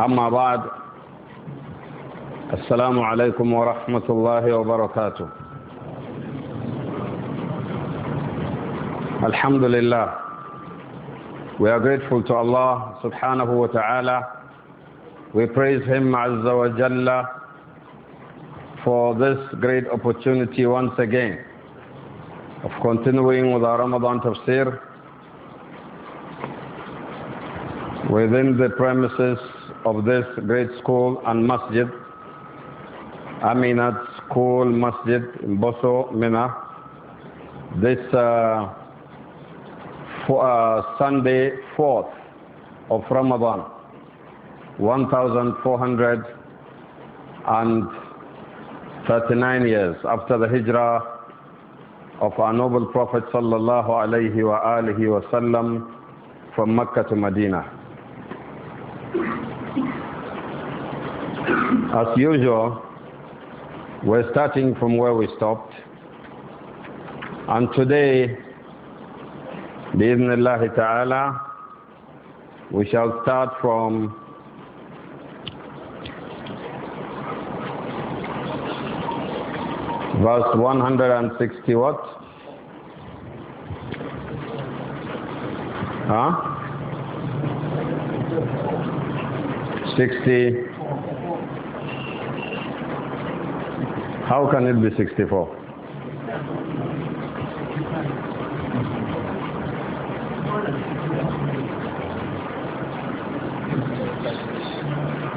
أما بعد السلام عليكم ورحمة الله وبركاته Alhamdulillah We are grateful to Allah subhanahu wa ta'ala We praise Him Azza wa Jalla for this great opportunity once again of continuing with our Ramadan tafsir within the premises of this great school and masjid, Aminat School Masjid in Boso, Mina, this uh, uh, Sunday 4th of Ramadan, 1439 years after the hijrah of our noble Prophet sallallahu alaihi wa alihi wasallam from Mecca to Medina. As usual, we're starting from where we stopped. And today, bi'idhnillahi ta'ala, we shall start from verse 160 what? Huh? 60. How can it be 64?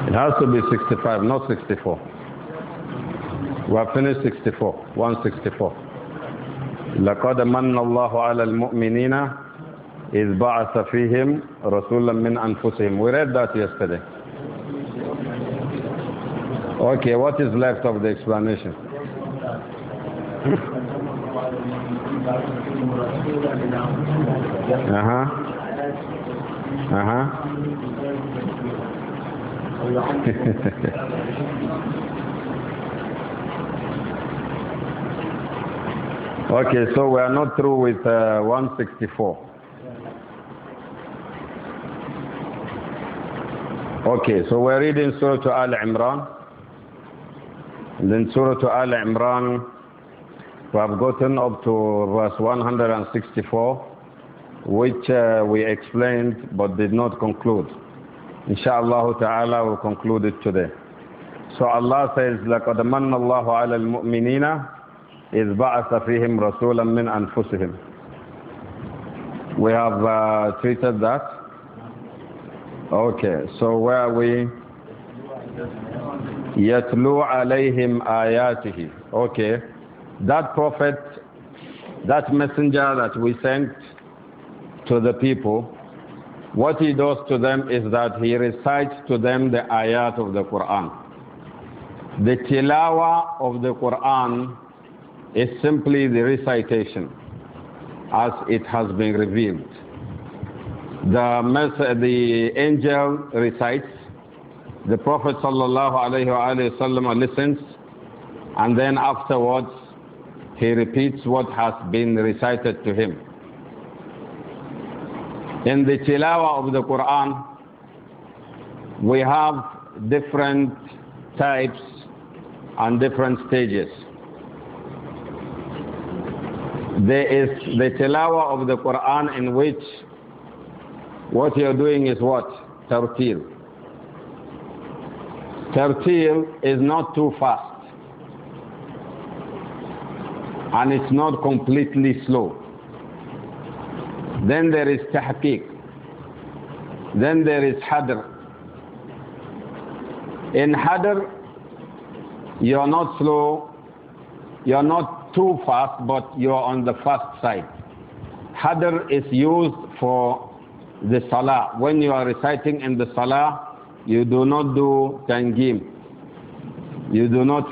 It has to be 65, not 64. We have finished 64, 164. لقد من الله على المؤمنين إذ بعث فيهم رسولا من أنفسهم. We read that yesterday. Okay, what is left of the explanation? uh-huh. Uh-huh. okay, so we are not through with uh, 164. Okay, so we're reading Surah Al Imran. Then Surah Al Imran, we have gotten up to verse 164, which uh, we explained but did not conclude. Inshallah ta'ala we'll conclude it today. So Allah says, لَقَدْ مَنَّ اللَّهُ عَلَى الْمُؤْمِنِينَ إِذْ بَعَثَ فِيهِمْ رَسُولًا مِّنْ أَنفُسِهِمْ We have uh, treated that. Okay, so where are we? Yatlu alayhim ayatihi. Okay. That prophet, that messenger that we sent to the people, what he does to them is that he recites to them the ayat of the Quran. The tilawa of the Quran is simply the recitation as it has been revealed. The, the angel recites, the Prophet ﷺ listens and then afterwards he repeats what has been recited to him. In the tilawa of the Quran, we have different types and different stages. There is the tilawa of the Quran in which what you're doing is what? Tartil. Tertil is not too fast. And it's not completely slow. Then there is tahqiq. Then there is hadr. In hadr, you're not slow, you're not too fast, but you're on the fast side. Hadr is used for the salah. When you are reciting in the salah, you do not do tangim. You do not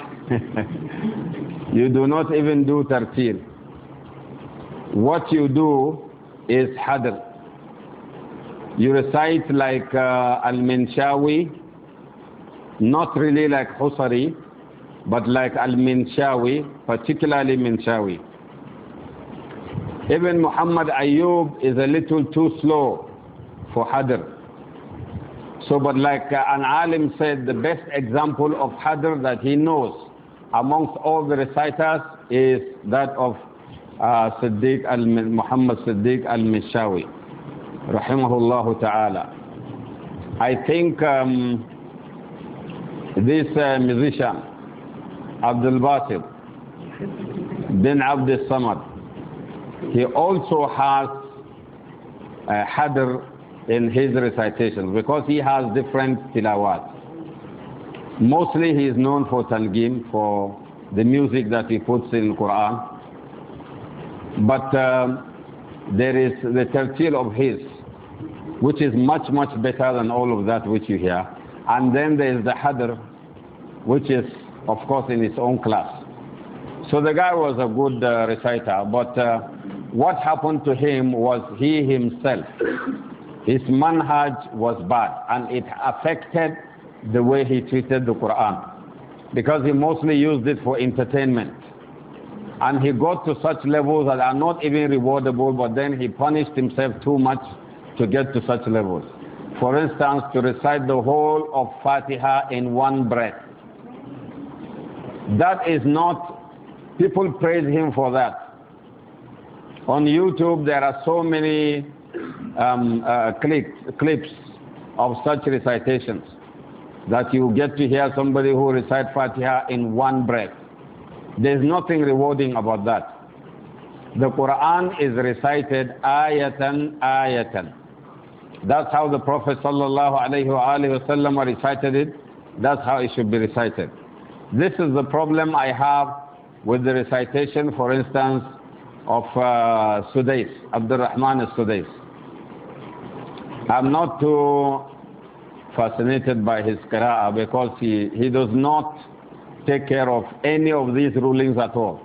you do not even do tartil. What you do is hadr. You recite like uh, al-Minshawi, not really like Husari, but like al-Minshawi, particularly Minshawi. Even Muhammad Ayub is a little too slow for hadr. So, but like uh, an alim said, the best example of hadr that he knows amongst all the reciters is that of uh, Siddiq al Muhammad Siddiq al Mishawi, rahimahullah ta'ala. I think um, this uh, musician, Abdul Basit bin Abdul Samad, he also has a uh, hadr in his recitations because he has different tilawat. Mostly he is known for talgim, for the music that he puts in Quran. But um, there is the tertil of his, which is much, much better than all of that which you hear. And then there is the hadr, which is, of course, in its own class. So the guy was a good uh, reciter, but uh, what happened to him was he himself his manhaj was bad and it affected the way he treated the Quran because he mostly used it for entertainment. And he got to such levels that are not even rewardable, but then he punished himself too much to get to such levels. For instance, to recite the whole of Fatiha in one breath. That is not, people praise him for that. On YouTube, there are so many um, uh, clips, clips of such recitations that you get to hear somebody who recites Fatiha in one breath. There's nothing rewarding about that. The Quran is recited ayatan ayatan. That's how the Prophet sallallahu alaihi wasallam recited it. That's how it should be recited. This is the problem I have with the recitation, for instance, of uh, Sudais, Abdurrahman al-Sudais. I'm not too fascinated by his qira'ah because he, he does not take care of any of these rulings at all.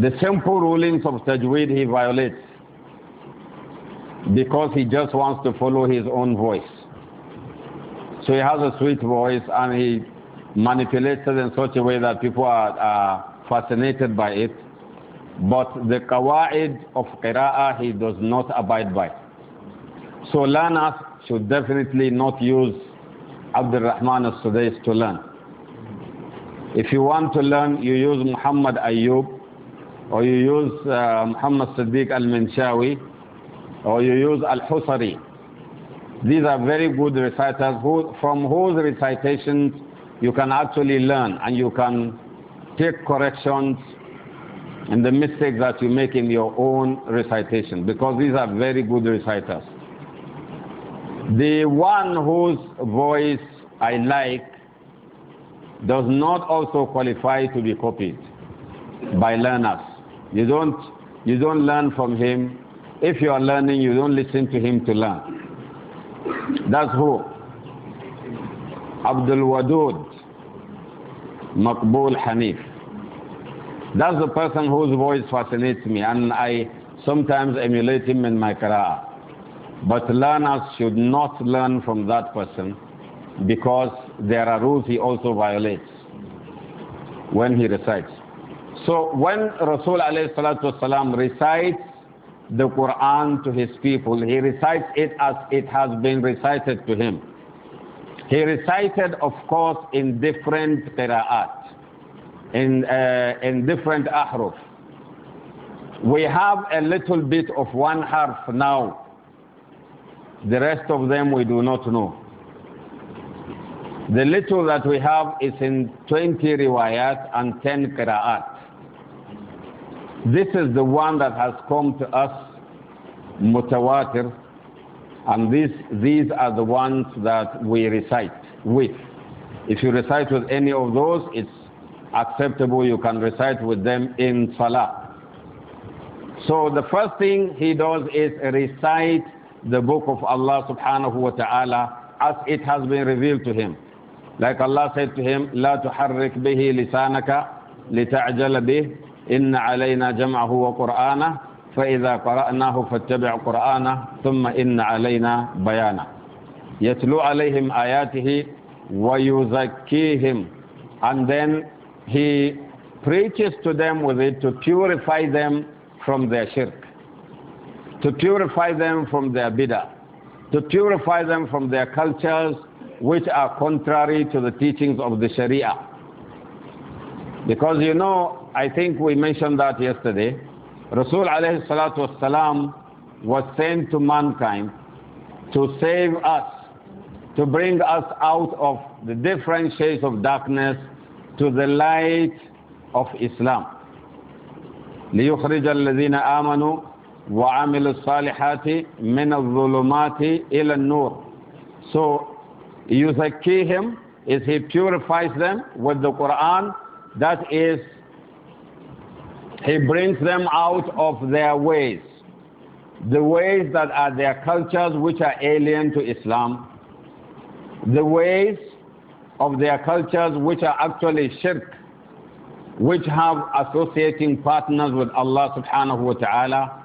The simple rulings of Tajweed he violates because he just wants to follow his own voice. So he has a sweet voice and he manipulates it in such a way that people are, are fascinated by it. But the kawaid of qira'ah he does not abide by. So learners should definitely not use Abdul Rahman al-Sudais to learn. If you want to learn, you use Muhammad Ayyub, or you use uh, Muhammad Siddiq al-Minshawi, or you use al-Husari. These are very good reciters who, from whose recitations you can actually learn and you can take corrections in the mistakes that you make in your own recitation because these are very good reciters. The one whose voice I like does not also qualify to be copied by learners. You don't, you don't learn from him. If you are learning, you don't listen to him to learn. That's who? Abdul Wadud Makbul Hanif. That's the person whose voice fascinates me, and I sometimes emulate him in my career. But learners should not learn from that person because there are rules he also violates when he recites. So when Rasul والسلام, recites the Quran to his people, he recites it as it has been recited to him. He recited, of course, in different qira'at, in, uh, in different ahruf. We have a little bit of one harf now the rest of them we do not know. The little that we have is in 20 riwayat and 10 qira'at. This is the one that has come to us mutawatir, and this, these are the ones that we recite with. If you recite with any of those, it's acceptable. You can recite with them in salah. So the first thing he does is recite the book of Allah subhanahu wa ta'ala as it has been revealed to him. Like Allah said to him, لا تحرك به لسانك لتعجل به إن علينا جمعه وقرآنه فإذا قرأناه فاتبع قرآنه ثم إن علينا بيانه يتلو عليهم آياته ويزكيهم and then he preaches to them with it to purify them from their shirk to purify them from their bidah, to purify them from their cultures which are contrary to the teachings of the Sharia. Because you know, I think we mentioned that yesterday, Rasul alayhi salatu wasalam was sent to mankind to save us, to bring us out of the different shades of darkness to the light of Islam. ليخرج الذين آمنوا وَعَمِلُ الصالحات من الظلمات إلى النور so يزكيهم is he purifies them with the Quran that is he brings them out of their ways the ways that are their cultures which are alien to Islam the ways of their cultures which are actually shirk which have associating partners with Allah subhanahu wa ta'ala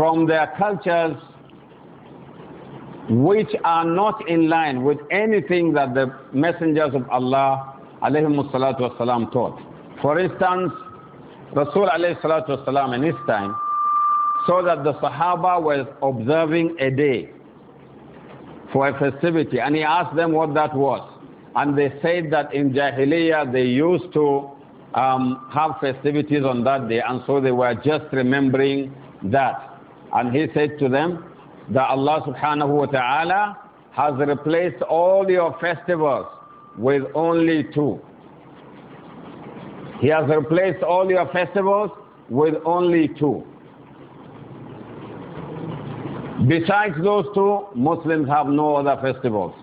from their cultures which are not in line with anything that the messengers of Allah والسلام, taught. For instance, Rasul والسلام, in his time saw that the Sahaba were observing a day for a festivity and he asked them what that was. And they said that in Jahiliyyah they used to um, have festivities on that day and so they were just remembering that. And he said to them that Allah subhanahu wa ta'ala has replaced all your festivals with only two. He has replaced all your festivals with only two. Besides those two, Muslims have no other festivals.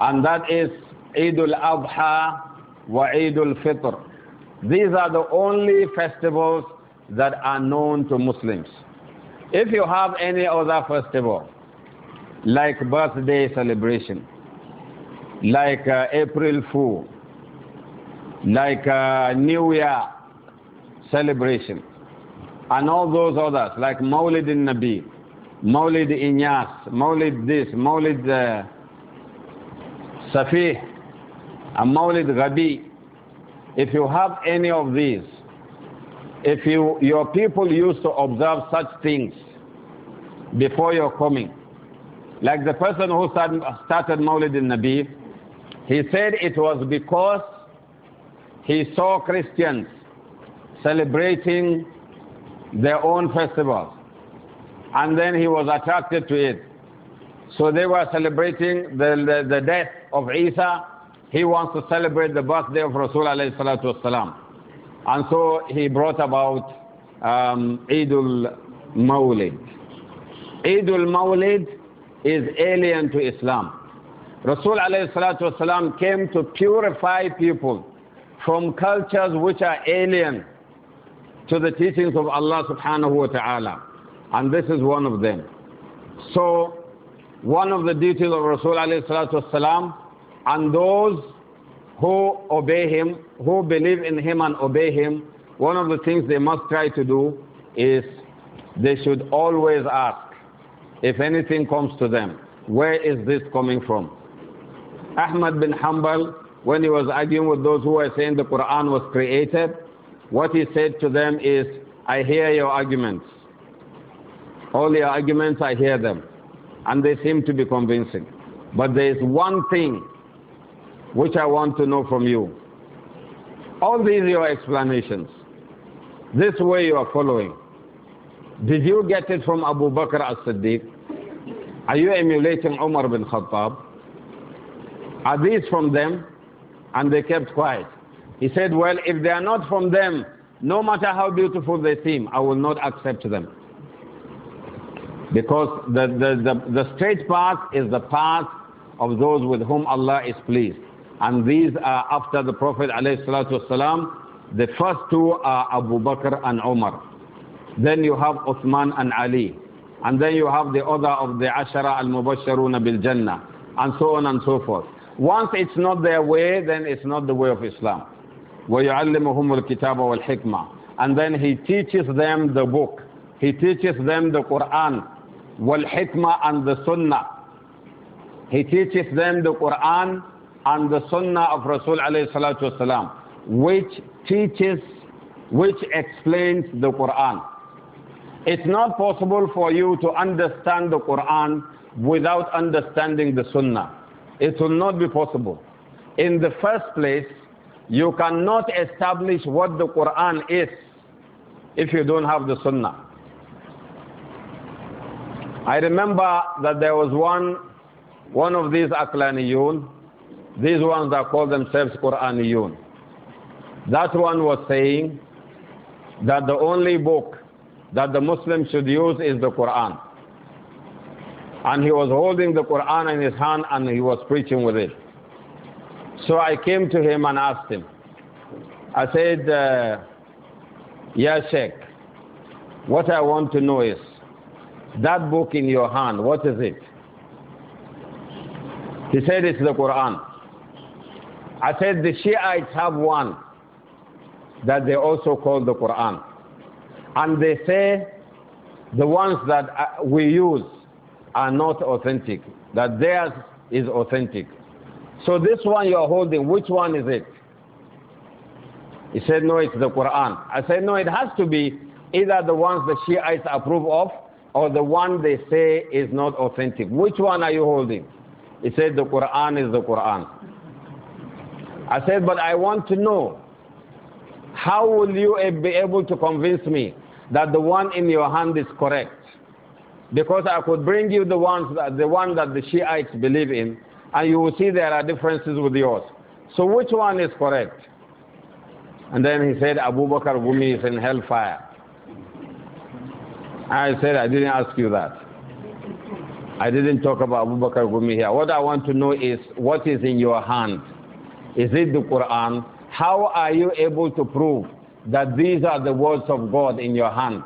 And that is Eid al-Adha wa Eid al-Fitr. These are the only festivals that are known to Muslims. If you have any other festival, like birthday celebration, like uh, April Fool, like uh, New Year celebration, and all those others, like Maulid in Nabi, Maulid Inyas, Maulid this, Maulid uh, Safih, and Maulid Gabi, If you have any of these, if you, your people used to observe such things before your coming, like the person who started, started Mawlid al-Nabi, he said it was because he saw Christians celebrating their own festivals. And then he was attracted to it. So they were celebrating the, the, the death of Isa. He wants to celebrate the birthday of Rasul and so he brought about um, Eidul Mawlid. Eidul Mawlid is alien to Islam. Rasul والسلام, came to purify people from cultures which are alien to the teachings of Allah subhanahu wa ta'ala. And this is one of them. So, one of the duties of Rasul والسلام, and those who obey him, who believe in him and obey him, one of the things they must try to do is they should always ask if anything comes to them, where is this coming from? Ahmad bin Hanbal, when he was arguing with those who were saying the Quran was created, what he said to them is, I hear your arguments. All your arguments, I hear them. And they seem to be convincing. But there is one thing which I want to know from you. All these are your explanations. This way you are following. Did you get it from Abu Bakr as-Siddiq? Are you emulating Umar bin Khattab? Are these from them? And they kept quiet. He said, well, if they are not from them, no matter how beautiful they seem, I will not accept them. Because the, the, the, the straight path is the path of those with whom Allah is pleased. And these are after the Prophet والسلام, The first two are Abu Bakr and Umar. Then you have Uthman and Ali. And then you have the other of the Ashara al-Mubasharuna bil Jannah. And so on and so forth. Once it's not their way, then it's not the way of Islam. الْكِتَابَ وَالْحِكْمَةِ And then he teaches them the book. He teaches them the Quran. wal-hikmah and the Sunnah. He teaches them the Quran and the Sunnah of Rasul alayhi salatu which teaches, which explains the Quran. It's not possible for you to understand the Quran without understanding the Sunnah. It will not be possible. In the first place, you cannot establish what the Quran is if you don't have the Sunnah. I remember that there was one, one of these Aklaniyun these ones are call themselves Quraniyun. That one was saying that the only book that the Muslim should use is the Quran. And he was holding the Quran in his hand and he was preaching with it. So I came to him and asked him, I said, uh, Ya Sheikh, what I want to know is, that book in your hand, what is it? He said, It's the Quran. I said the Shiites have one that they also call the Quran. And they say the ones that uh, we use are not authentic, that theirs is authentic. So this one you are holding, which one is it? He said, no, it's the Quran. I said, no, it has to be either the ones the Shiites approve of or the one they say is not authentic. Which one are you holding? He said, the Quran is the Quran. I said, but I want to know, how will you be able to convince me that the one in your hand is correct? Because I could bring you the, ones that, the one that the Shiites believe in, and you will see there are differences with yours. So which one is correct? And then he said, Abu Bakr Gumi is in hellfire. I said, I didn't ask you that. I didn't talk about Abu Bakr Gumi here. What I want to know is what is in your hand. Is it the Quran? How are you able to prove that these are the words of God in your hand?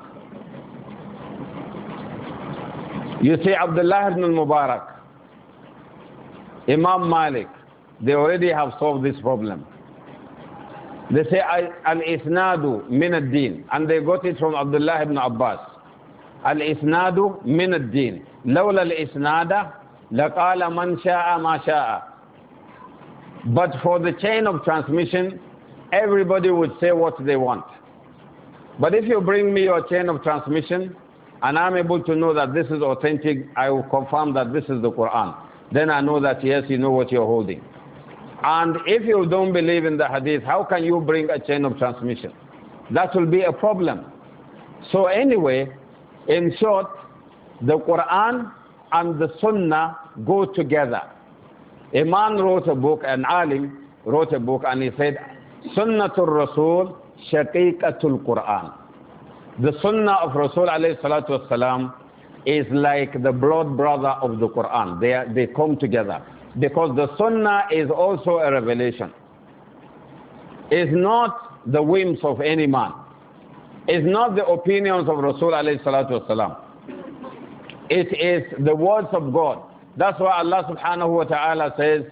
You see, Abdullah ibn Mubarak, Imam Malik, they already have solved this problem. They say al-isnadu min ad-din, and they got it from Abdullah ibn Abbas. Al-isnadu min ad-din. al الإسناد لقال man shaa ma shaa. But for the chain of transmission, everybody would say what they want. But if you bring me your chain of transmission and I'm able to know that this is authentic, I will confirm that this is the Quran. Then I know that yes, you know what you're holding. And if you don't believe in the hadith, how can you bring a chain of transmission? That will be a problem. So, anyway, in short, the Quran and the Sunnah go together. A man wrote a book, an alim wrote a book, and he said, Sunnatul Rasul Shaqiqatul Quran. The Sunnah of Rasul alayhi salatu is like the blood brother of the Quran. They, are, they come together. Because the Sunnah is also a revelation. It's not the whims of any man. It's not the opinions of Rasul alayhi salatu It is the words of God that's why Allah subhanahu wa ta'ala says,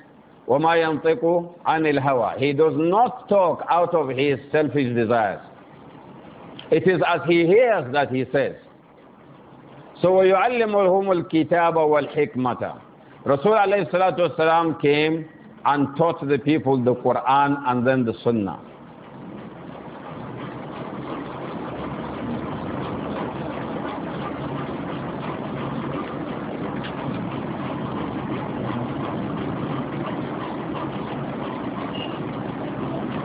وَمَا يَنطِقُ عَنِ الْهَوَى He does not talk out of his selfish desires. It is as he hears that he says. So وَيُعَلِّمُهُمُ الْكِتَابَ وَالْحِكْمَةَ Rasul alayhi salatu came and taught the people the Quran and then the Sunnah.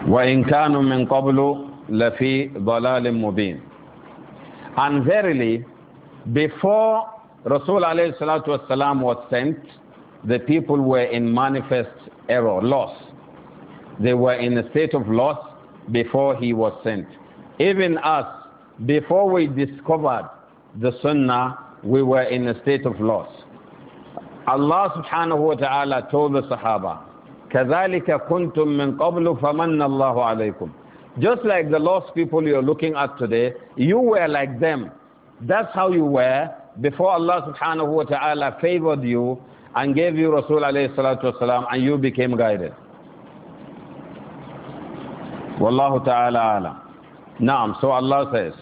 وَإِن كَانُوا مِن قَبْلُ لَفِي ضَلَالٍ مُبِينٍ And verily, before Rasul alayhi was sent, the people were in manifest error, loss. They were in a state of loss before he was sent. Even us, before we discovered the Sunnah, we were in a state of loss. Allah subhanahu wa ta'ala told the Sahaba, كَذَلِكَ كُنْتُم مِّن قَبْلُ فَمَنَّ اللَّهُ عَلَيْكُمْ Just like the lost people you're looking at today, you were like them. That's how you were before Allah subhanahu wa ta'ala favored you and gave you Rasul alayhi salatu wasalam and you became guided. Wallahu ta'ala alam. Naam, so Allah says,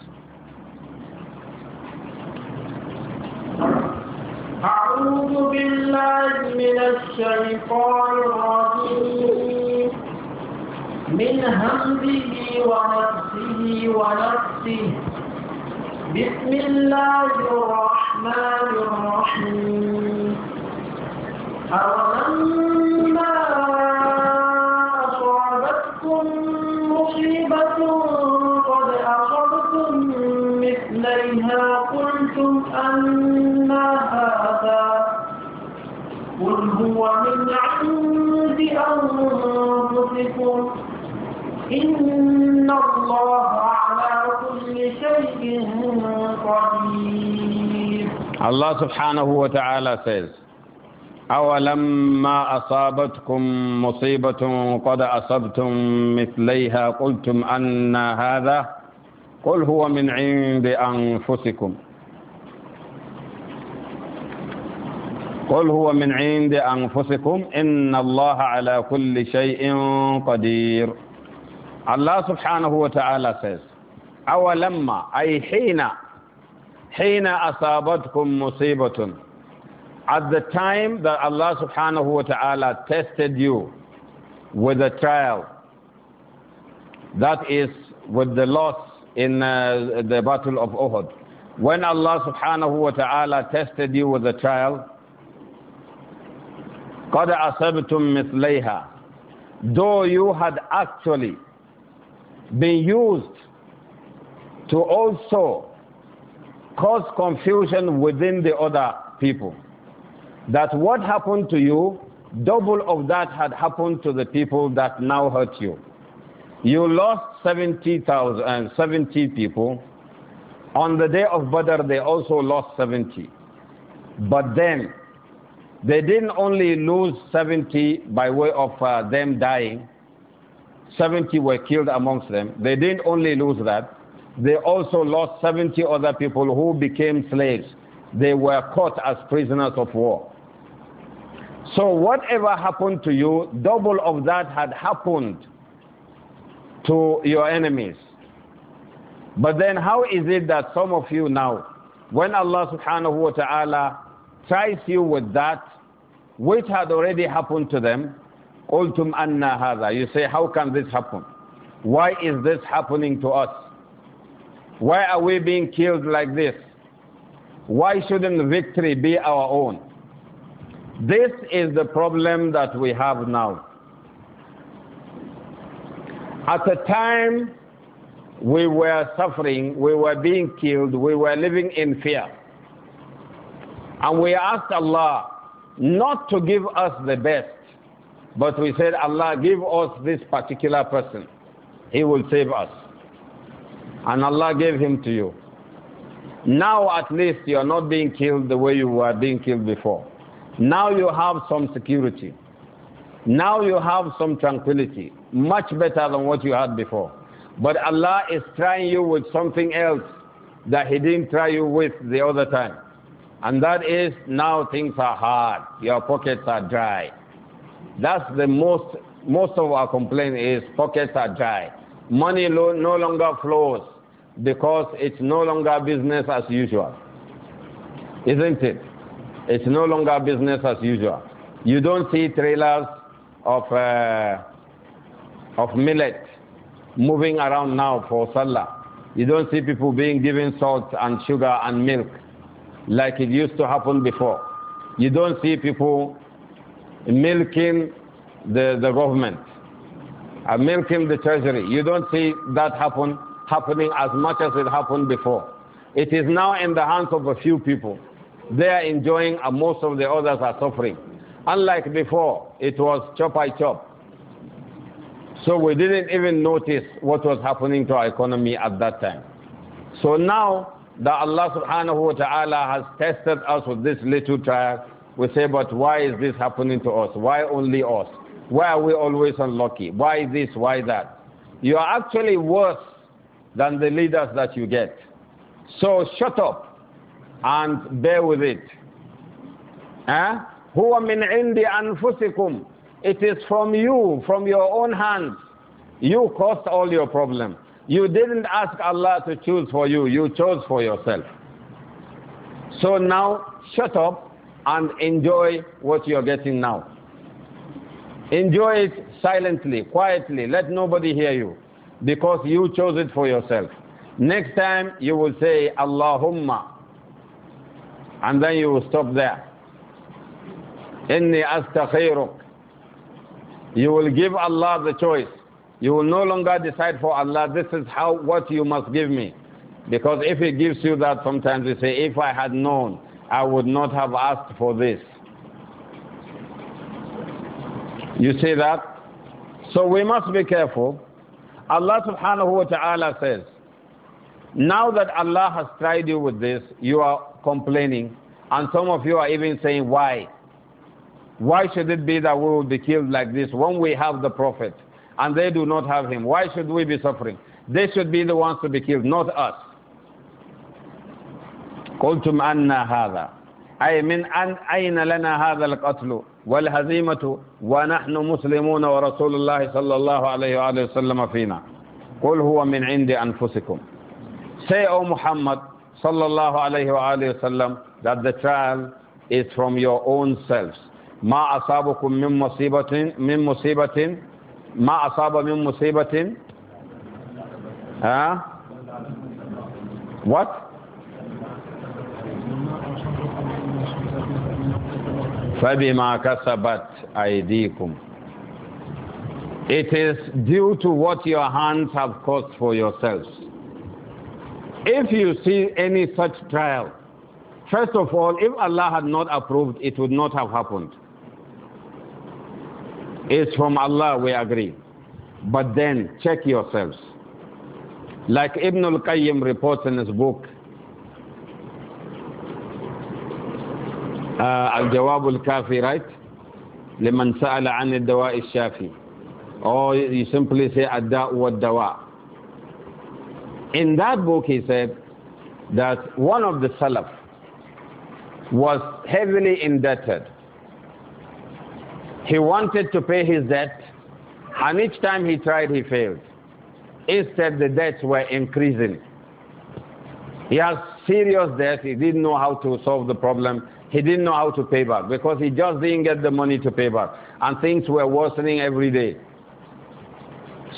أعوذ بالله من الشيطان الرجيم من همزه ونفسه ونفسه بسم الله الرحمن الرحيم أولما أصابتكم مصيبة قد أصبتم مثليها هو من عند أنفسكم إن الله على كل شيء قدير الله سبحانه وتعالى says أولما أصابتكم مصيبة قد أصبتم مثليها قلتم أن هذا قل هو من عند أنفسكم قل هو من عند أنفسكم إن الله على كل شيء قدير الله سبحانه وتعالى says أولما أي حين حين أصابتكم مصيبة at the time that Allah subhanahu wa ta'ala tested you with a trial that is with the loss in uh, the battle of Uhud when Allah subhanahu wa ta'ala tested you with a trial قَدْ أَصَبْتُمْ مِثْلَيْهَا Though you had actually been used to also cause confusion within the other people. That what happened to you, double of that had happened to the people that now hurt you. You lost 70,000 70 people. On the day of Badr, they also lost 70. But then, they didn't only lose 70 by way of uh, them dying, 70 were killed amongst them. They didn't only lose that, they also lost 70 other people who became slaves. They were caught as prisoners of war. So, whatever happened to you, double of that had happened to your enemies. But then, how is it that some of you now, when Allah subhanahu wa ta'ala tries you with that which had already happened to them, قُلْتُمْ أَنَّا You say, how can this happen? Why is this happening to us? Why are we being killed like this? Why shouldn't victory be our own? This is the problem that we have now. At the time we were suffering, we were being killed, we were living in fear. And we asked Allah not to give us the best, but we said, Allah, give us this particular person. He will save us. And Allah gave him to you. Now at least you are not being killed the way you were being killed before. Now you have some security. Now you have some tranquility, much better than what you had before. But Allah is trying you with something else that He didn't try you with the other time. And that is now things are hard, your pockets are dry. That's the most, most of our complaint is pockets are dry. Money no longer flows because it's no longer business as usual. Isn't it? It's no longer business as usual. You don't see trailers of, uh, of millet moving around now for Salah. You don't see people being given salt and sugar and milk like it used to happen before. You don't see people milking the, the government, milking the treasury. You don't see that happen happening as much as it happened before. It is now in the hands of a few people. They are enjoying and most of the others are suffering. Unlike before, it was chop by chop. So we didn't even notice what was happening to our economy at that time. So now that Allah subhanahu wa ta'ala has tested us with this little trial, we say, but why is this happening to us? Why only us? Why are we always unlucky? Why this? Why that? You are actually worse than the leaders that you get. So shut up and bear with it. Huh? Huwa min indi anfusikum. It is from you, from your own hands. You caused all your problems. You didn't ask Allah to choose for you, you chose for yourself. So now, shut up and enjoy what you're getting now. Enjoy it silently, quietly, let nobody hear you, because you chose it for yourself. Next time, you will say, Allahumma, and then you will stop there. Inni astakhiruk. You will give Allah the choice. You will no longer decide for Allah, this is how what you must give me. Because if He gives you that, sometimes you say, if I had known, I would not have asked for this. You see that? So we must be careful. Allah subhanahu wa ta'ala says, now that Allah has tried you with this, you are complaining, and some of you are even saying, why? Why should it be that we will be killed like this when we have the Prophet? and they do not have him. Why should we be suffering? They should be the ones to be killed, not us. قلتم أن هذا أي من أن أين لنا هذا القتل والهزيمة ونحن مسلمون ورسول الله صلى الله عليه وآله وسلم فينا قل هو من عند أنفسكم Say O Muhammad صلى الله عليه وآله وسلم that the trial is from your own selves ما أصابكم من مصيبة من مصيبة ما أصاب من مصيبة ها what فبما كسبت أيديكم It is due to what your hands have caused for yourselves. If you see any such trial, first of all, if Allah had not approved, it would not have happened is from Allah, we agree. But then check yourselves. Like Ibn al Qayyim reports in his book, uh, Al Jawab al Kafi, right? لمن سأل عن الدواء الشافي. Or you simply say الداء والدواء. In that book, he said that one of the Salaf was heavily indebted he wanted to pay his debt, and each time he tried, he failed. Instead, the debts were increasing. He has serious debts. He didn't know how to solve the problem. He didn't know how to pay back because he just didn't get the money to pay back. And things were worsening every day.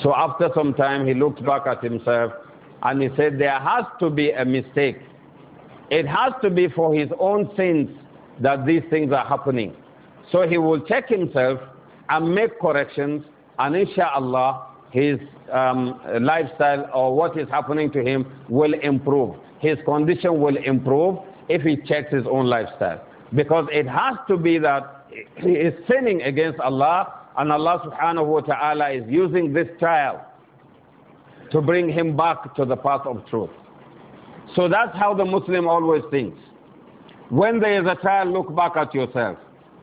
So after some time, he looked back at himself and he said, There has to be a mistake. It has to be for his own sins that these things are happening. So he will check himself and make corrections, and inshallah, his um, lifestyle or what is happening to him will improve. His condition will improve if he checks his own lifestyle. Because it has to be that he is sinning against Allah, and Allah subhanahu wa ta'ala is using this trial to bring him back to the path of truth. So that's how the Muslim always thinks. When there is a trial, look back at yourself.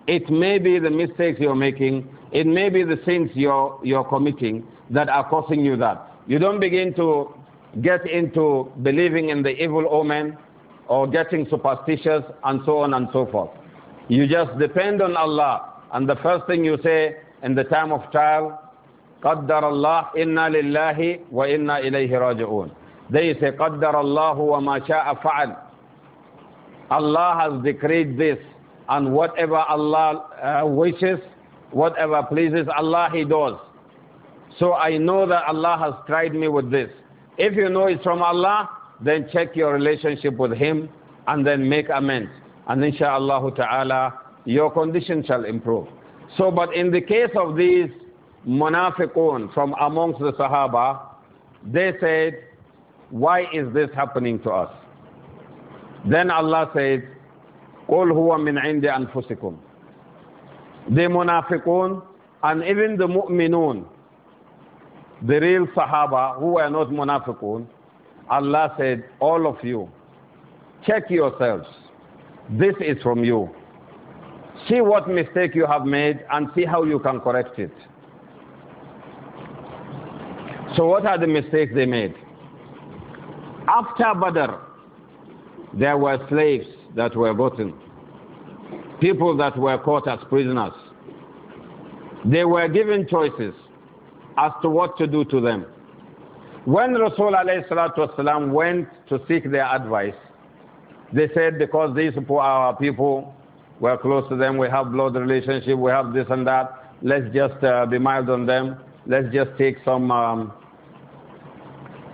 It may be the mistakes you're making, it may be the sins you're, you're committing that are causing you that. You don't begin to get into believing in the evil omen or getting superstitious and so on and so forth. You just depend on Allah. And the first thing you say in the time of trial, قدر الله إنا لله وإنا إليه راجعون. They say قدر الله وما شاء فعل. Allah has decreed this and whatever Allah uh, wishes, whatever pleases Allah, He does. So I know that Allah has tried me with this. If you know it's from Allah, then check your relationship with Him and then make amends. And inshaAllah ta'ala, your condition shall improve. So, but in the case of these munafiqun from amongst the Sahaba, they said, why is this happening to us? Then Allah says, قُلْ هُوَ مِنْ عِنْدِ أَنفُسِكُمْ The munafiqun and even the mu'minun, the real sahaba who were not munafiqun, Allah said, all of you, check yourselves. This is from you. See what mistake you have made and see how you can correct it. So what are the mistakes they made? After Badr, there were slaves that were gotten, people that were caught as prisoners. They were given choices as to what to do to them. When Rasul went to seek their advice, they said, because these are people, we're close to them, we have blood relationship, we have this and that, let's just uh, be mild on them, let's just take some um,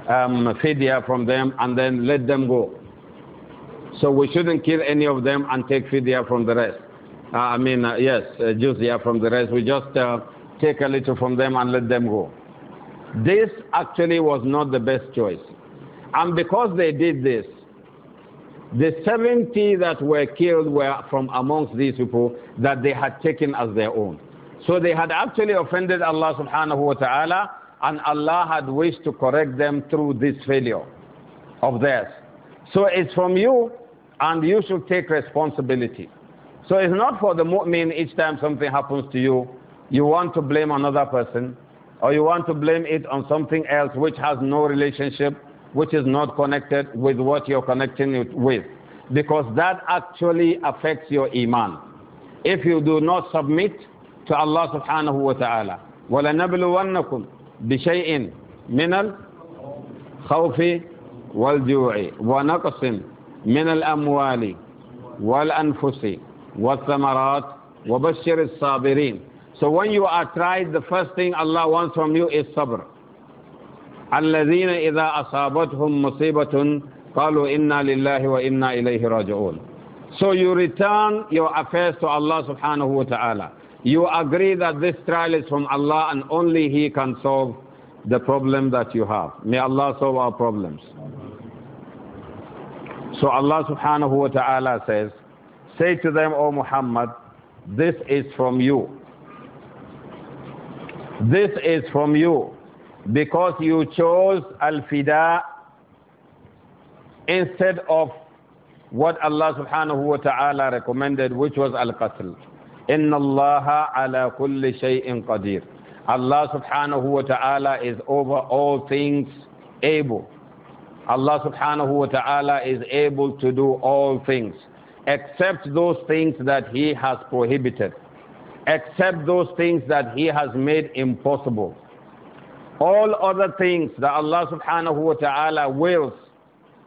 um, from them and then let them go. So we shouldn't kill any of them and take fidya from the rest. Uh, I mean, uh, yes, uh, jizya from the rest. We just uh, take a little from them and let them go. This actually was not the best choice. And because they did this, the 70 that were killed were from amongst these people that they had taken as their own. So they had actually offended Allah subhanahu wa ta'ala, and Allah had wished to correct them through this failure of theirs. So it's from you and you should take responsibility. So it's not for the mu'min each time something happens to you, you want to blame another person or you want to blame it on something else which has no relationship, which is not connected with what you're connecting it with. Because that actually affects your iman. If you do not submit to Allah subhanahu wa ta'ala. وَلَنَبْلُوَنَّكُمْ بِشَيْءٍ مِنَ الْخَوْفِ وَالْجُوعِ وَنَقْصٍ من الأموال والأنفس والثمرات وبشر الصابرين So when you are tried, the first thing Allah wants from you is sabr. الذين إذا أصابتهم مصيبة قالوا إنا لله وإنا إليه راجعون. So you return your affairs to Allah subhanahu wa ta'ala. You agree that this trial is from Allah and only He can solve the problem that you have. May Allah solve our problems. So Allah subhanahu wa ta'ala says, Say to them, O Muhammad, this is from you. This is from you because you chose Al-Fida instead of what Allah subhanahu wa ta'ala recommended, which was Al-Qasl. Inna Allah ala kulli shay'in qadir. Allah subhanahu wa ta'ala is over all things able. Allah subhanahu wa ta'ala is able to do all things except those things that He has prohibited, except those things that He has made impossible. All other things that Allah subhanahu wa ta'ala wills,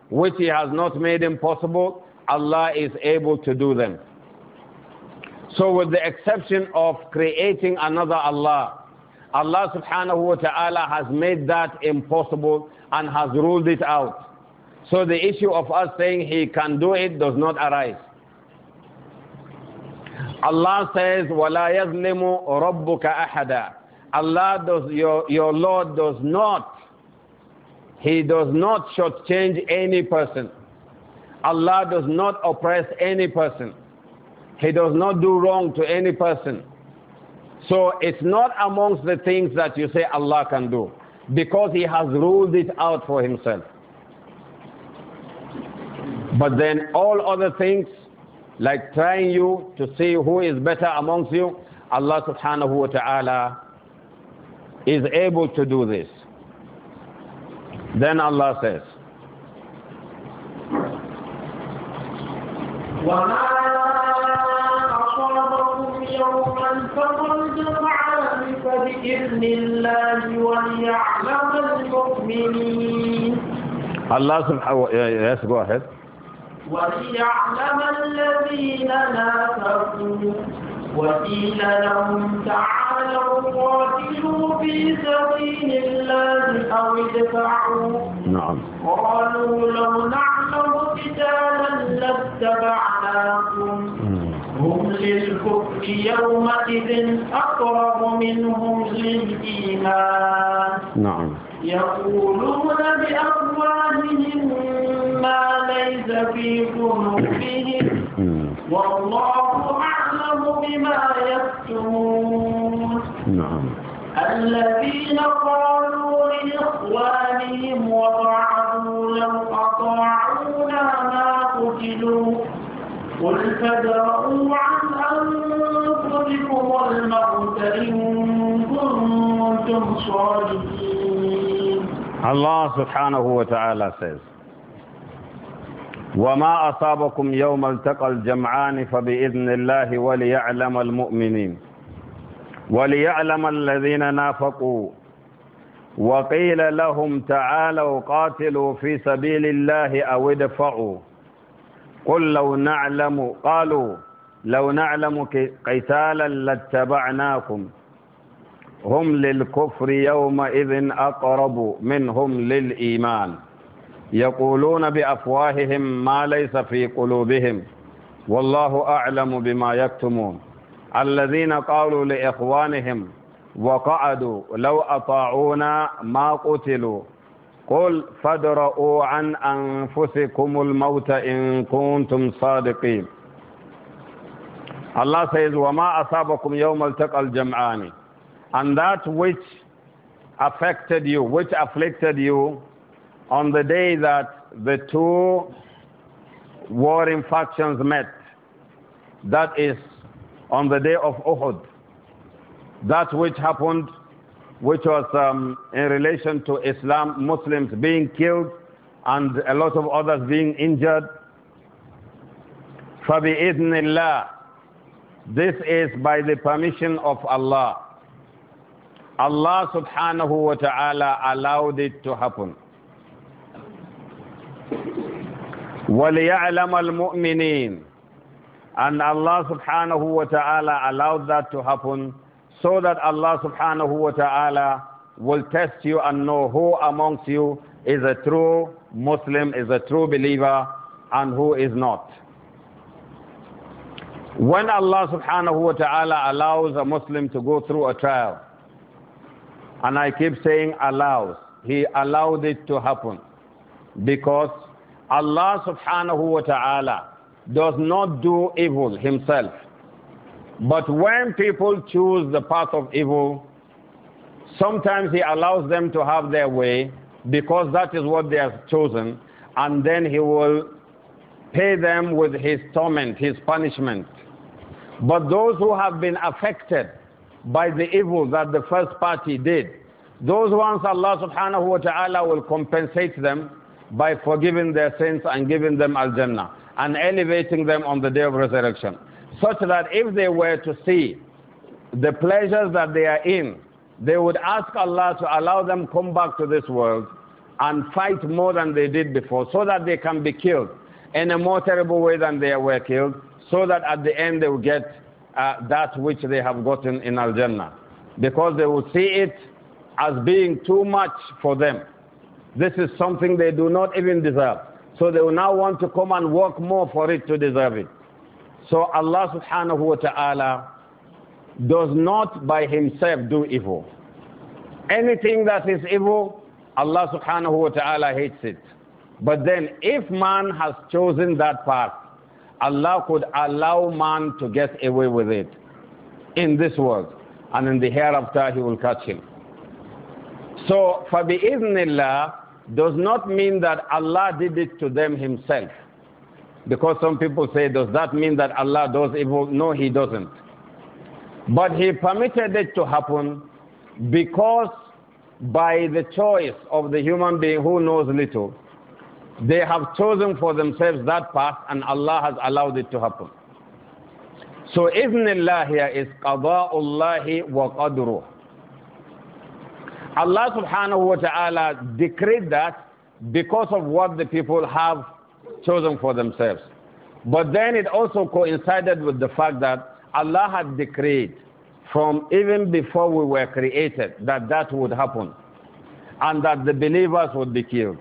which He has not made impossible, Allah is able to do them. So, with the exception of creating another Allah, Allah subhanahu wa ta'ala has made that impossible and has ruled it out. So the issue of us saying he can do it does not arise. Allah says, وَلَا يَظْلِمُ رَبُّكَ أَحَدًا Allah does, your, your Lord does not, He does not shortchange any person. Allah does not oppress any person. He does not do wrong to any person. So it's not amongst the things that you say Allah can do because He has ruled it out for Himself. But then all other things, like trying you to see who is better amongst you, Allah subhanahu wa ta'ala is able to do this. Then Allah says, فقد فعل بإذن الله وليعلم المؤمنين الله سبحانه يا جو واحد وليعلم الذين نافقوا وقيل لهم تعالوا قاتلوا في سبيل الله أو ادفعوا نعم قالوا لو نعلم قتالا لاتبعناكم هم للكفر يومئذ أقرب منهم للإيمان نعم يقولون بأفواههم ما ليس في قلوبهم والله أعلم بما يكتمون نعم الذين قالوا لإخوانهم وقعدوا لو أطاعونا ما قتلوا قل فادرؤوا عن أنفسكم الموت إن كنتم صادقين الله سبحانه وتعالى says وما أصابكم يوم التقى الجمعان فبإذن الله وليعلم المؤمنين وليعلم الذين نافقوا وقيل لهم تعالوا قاتلوا في سبيل الله أو ادفعوا قل لو نعلم قالوا لو نعلم قتالا لاتبعناكم هم للكفر يومئذ أقرب منهم للإيمان يقولون بأفواههم ما ليس في قلوبهم والله أعلم بما يكتمون الذين قالوا لإخوانهم وقعدوا لو أطاعونا ما قتلوا قل فادرؤوا عن أنفسكم الموت إن كنتم صادقين Allah says وما أصابكم يوم التقى الجمعان and that which affected you which afflicted you on the day that the two warring factions met that is on the day of Uhud that which happened which was um, in relation to Islam, Muslims being killed and a lot of others being injured. فَبِإِذْنِ This is by the permission of Allah. Allah subhanahu wa ta'ala allowed it to happen. وَلِيَعْلَمَ الْمُؤْمِنِينَ And Allah subhanahu wa ta'ala allowed that to happen so that Allah subhanahu wa ta'ala will test you and know who amongst you is a true Muslim, is a true believer, and who is not. When Allah subhanahu wa ta'ala allows a Muslim to go through a trial, and I keep saying allows, He allowed it to happen because Allah subhanahu wa ta'ala does not do evil Himself. But when people choose the path of evil, sometimes He allows them to have their way because that is what they have chosen, and then He will pay them with His torment, His punishment. But those who have been affected by the evil that the first party did, those ones Allah subhanahu wa ta'ala will compensate them by forgiving their sins and giving them al-Jannah and elevating them on the day of resurrection such that if they were to see the pleasures that they are in, they would ask Allah to allow them come back to this world and fight more than they did before so that they can be killed in a more terrible way than they were killed so that at the end they will get uh, that which they have gotten in Al-Jannah because they will see it as being too much for them. This is something they do not even deserve. So they will now want to come and work more for it to deserve it. So Allah subhanahu wa ta'ala does not by himself do evil. Anything that is evil, Allah subhanahu wa ta'ala hates it. But then if man has chosen that path, Allah could allow man to get away with it in this world. And in the hereafter, he will catch him. So, فَبِإِذْنِ اللَّهِ does not mean that Allah did it to them himself. Because some people say, does that mean that Allah does evil? No, He doesn't. But He permitted it to happen because by the choice of the human being who knows little, they have chosen for themselves that path and Allah has allowed it to happen. So Iznillah here is Qada'ullahi wa Qadruh. Allah subhanahu wa ta'ala decreed that because of what the people have chosen for themselves. But then it also coincided with the fact that Allah had decreed from even before we were created that that would happen and that the believers would be killed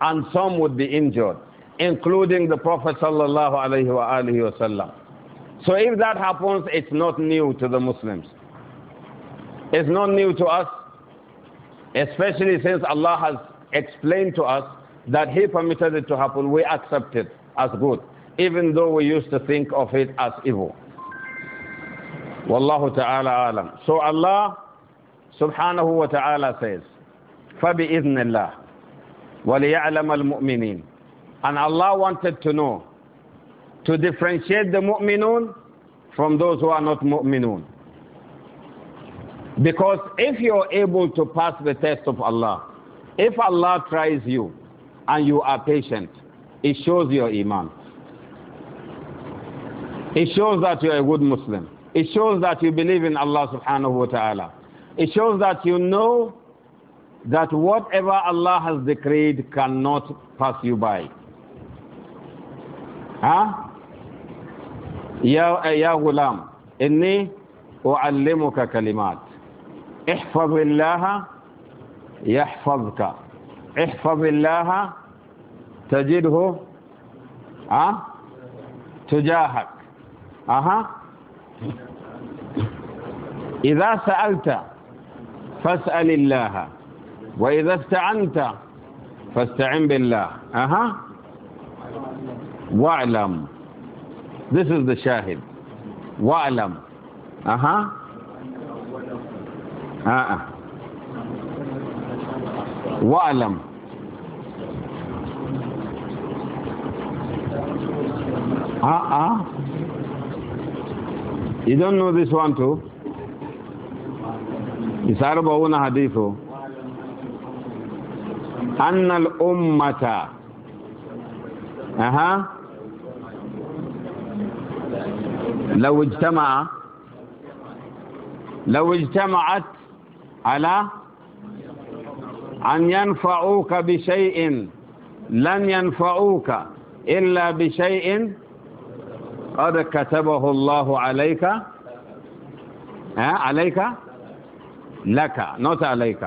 and some would be injured, including the Prophet sallallahu alaihi wasallam. So if that happens, it's not new to the Muslims. It's not new to us, especially since Allah has explained to us that He permitted it to happen, we accept it as good, even though we used to think of it as evil. Wallahu ta'ala alam. So Allah subhanahu wa ta'ala says, فَبِإِذْنِ اللَّهِ وَلِيَعْلَمَ الْمُؤْمِنِينَ And Allah wanted to know, to differentiate the mu'minun from those who are not mu'minun. Because if you're able to pass the test of Allah, if Allah tries you, and you are patient, it shows your Iman. It shows that you're a good Muslim. It shows that you believe in Allah subhanahu wa ta'ala. It shows that you know that whatever Allah has decreed cannot pass you by. Huh? Ya ya غلام Inni uallimuka kalimat. احفظ الله يحفظك احفظ الله تجده أه؟ تجاهك أها إذا سألت فاسأل الله وإذا استعنت فاستعن بالله أها واعلم This is the shahid واعلم أها آه. واعلم Ah, ah. You don't know this one too? It's Arbaun Hadithu. أن الأمة أها لو اجتمع لو اجتمعت على أن ينفعوك بشيء لن ينفعوك إلا بشيء قد كتبه الله عليك eh, عليك لك not عليك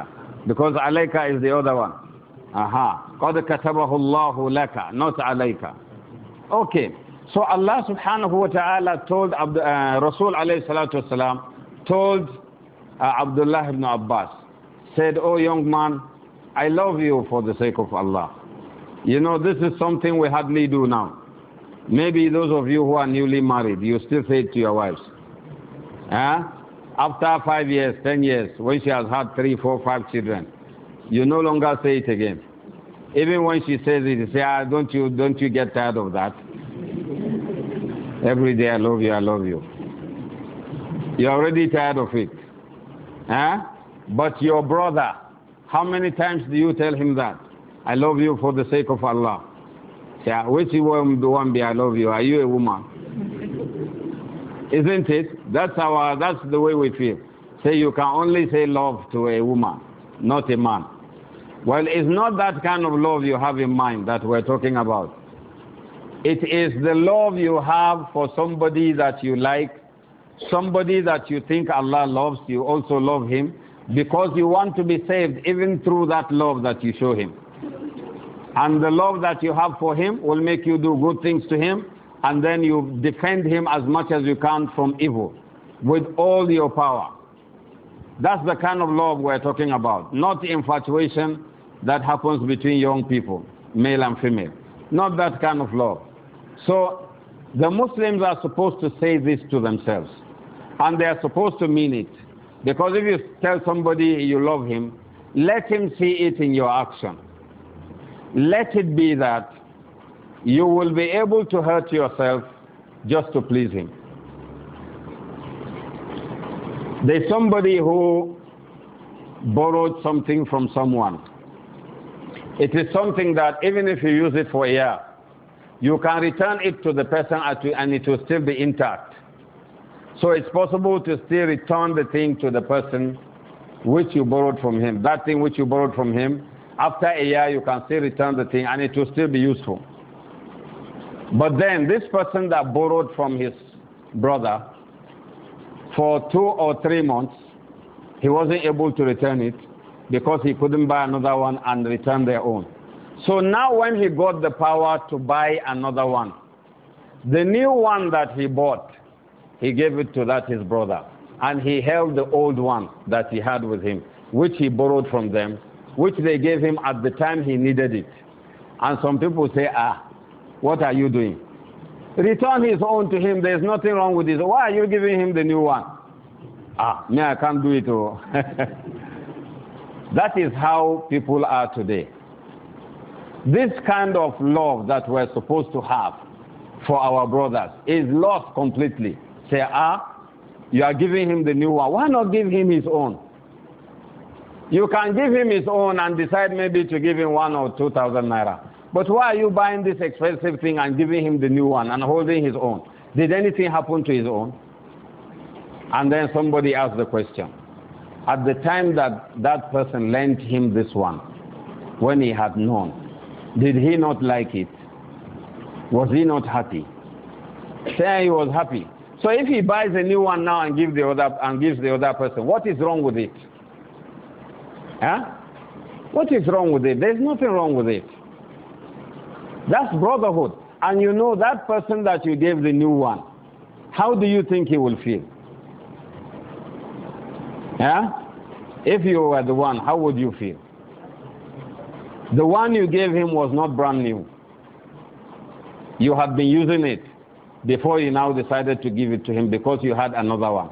because عليك is the other one aha قد كتبه الله لك not عليك okay so Allah subhanahu wa ta'ala told Abd, uh, Rasul alayhi salatu wasalam told uh, Abdullah ibn Abbas said oh young man I love you for the sake of Allah you know this is something we hardly do now Maybe those of you who are newly married, you still say it to your wives. Huh? After five years, ten years, when she has had three, four, five children, you no longer say it again. Even when she says it, you say, ah, don't you, don't you get tired of that? Every day, I love you, I love you. You're already tired of it. Huh? But your brother, how many times do you tell him that? I love you for the sake of Allah. Yeah, which one be one be I love you? Are you a woman? Isn't it? That's our that's the way we feel. Say you can only say love to a woman, not a man. Well, it's not that kind of love you have in mind that we're talking about. It is the love you have for somebody that you like, somebody that you think Allah loves, you also love him, because you want to be saved even through that love that you show him. And the love that you have for him will make you do good things to him, and then you defend him as much as you can from evil with all your power. That's the kind of love we're talking about, not infatuation that happens between young people, male and female. Not that kind of love. So the Muslims are supposed to say this to themselves, and they are supposed to mean it. Because if you tell somebody you love him, let him see it in your action let it be that you will be able to hurt yourself just to please him. There's somebody who borrowed something from someone. It is something that even if you use it for a year, you can return it to the person and it will still be intact. So it's possible to still return the thing to the person which you borrowed from him. That thing which you borrowed from him after a year you can still return the thing and it will still be useful. But then this person that borrowed from his brother for two or three months, he wasn't able to return it because he couldn't buy another one and return their own. So now when he got the power to buy another one, the new one that he bought, he gave it to that his brother. And he held the old one that he had with him, which he borrowed from them, which they gave him at the time he needed it. And some people say, ah, what are you doing? Return his own to him. There's nothing wrong with this. Why are you giving him the new one? Ah, me, I can't do it. Oh. that is how people are today. This kind of love that we're supposed to have for our brothers is lost completely. Say, ah, you are giving him the new one. Why not give him his own? You can give him his own and decide maybe to give him one or two thousand naira. But why are you buying this expensive thing and giving him the new one and holding his own? Did anything happen to his own? And then somebody asked the question. At the time that that person lent him this one, when he had known, did he not like it? Was he not happy? Say he was happy. So if he buys a new one now and gives the other and gives the other person, what is wrong with it? Huh? What is wrong with it? There's nothing wrong with it. That's brotherhood. And you know that person that you gave the new one, how do you think he will feel? Yeah? If you were the one, how would you feel? The one you gave him was not brand new. You had been using it before you now decided to give it to him because you had another one.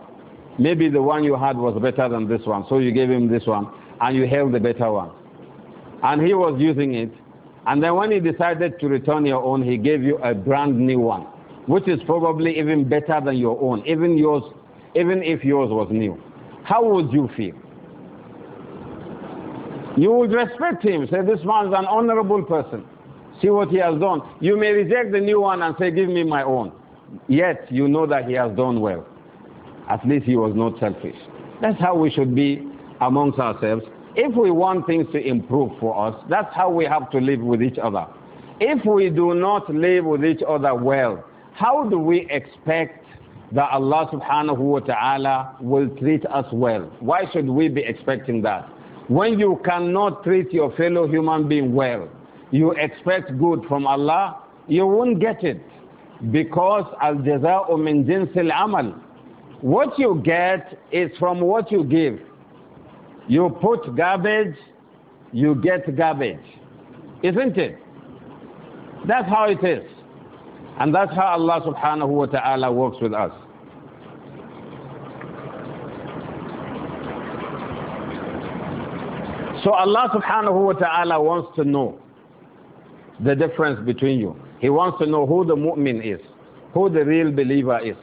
Maybe the one you had was better than this one, so you gave him this one and you held the better one. And he was using it. And then when he decided to return your own, he gave you a brand new one, which is probably even better than your own, even yours, even if yours was new. How would you feel? You would respect him, say, This man is an honorable person. See what he has done. You may reject the new one and say, Give me my own. Yet you know that he has done well. At least he was not selfish. That's how we should be amongst ourselves, if we want things to improve for us, that's how we have to live with each other. If we do not live with each other well, how do we expect that Allah subhanahu wa ta'ala will treat us well? Why should we be expecting that? When you cannot treat your fellow human being well, you expect good from Allah, you won't get it. Because al jaza'u min jinsil amal. What you get is from what you give. You put garbage, you get garbage. Isn't it? That's how it is. And that's how Allah subhanahu wa ta'ala works with us. So Allah subhanahu wa ta'ala wants to know the difference between you. He wants to know who the mu'min is, who the real believer is.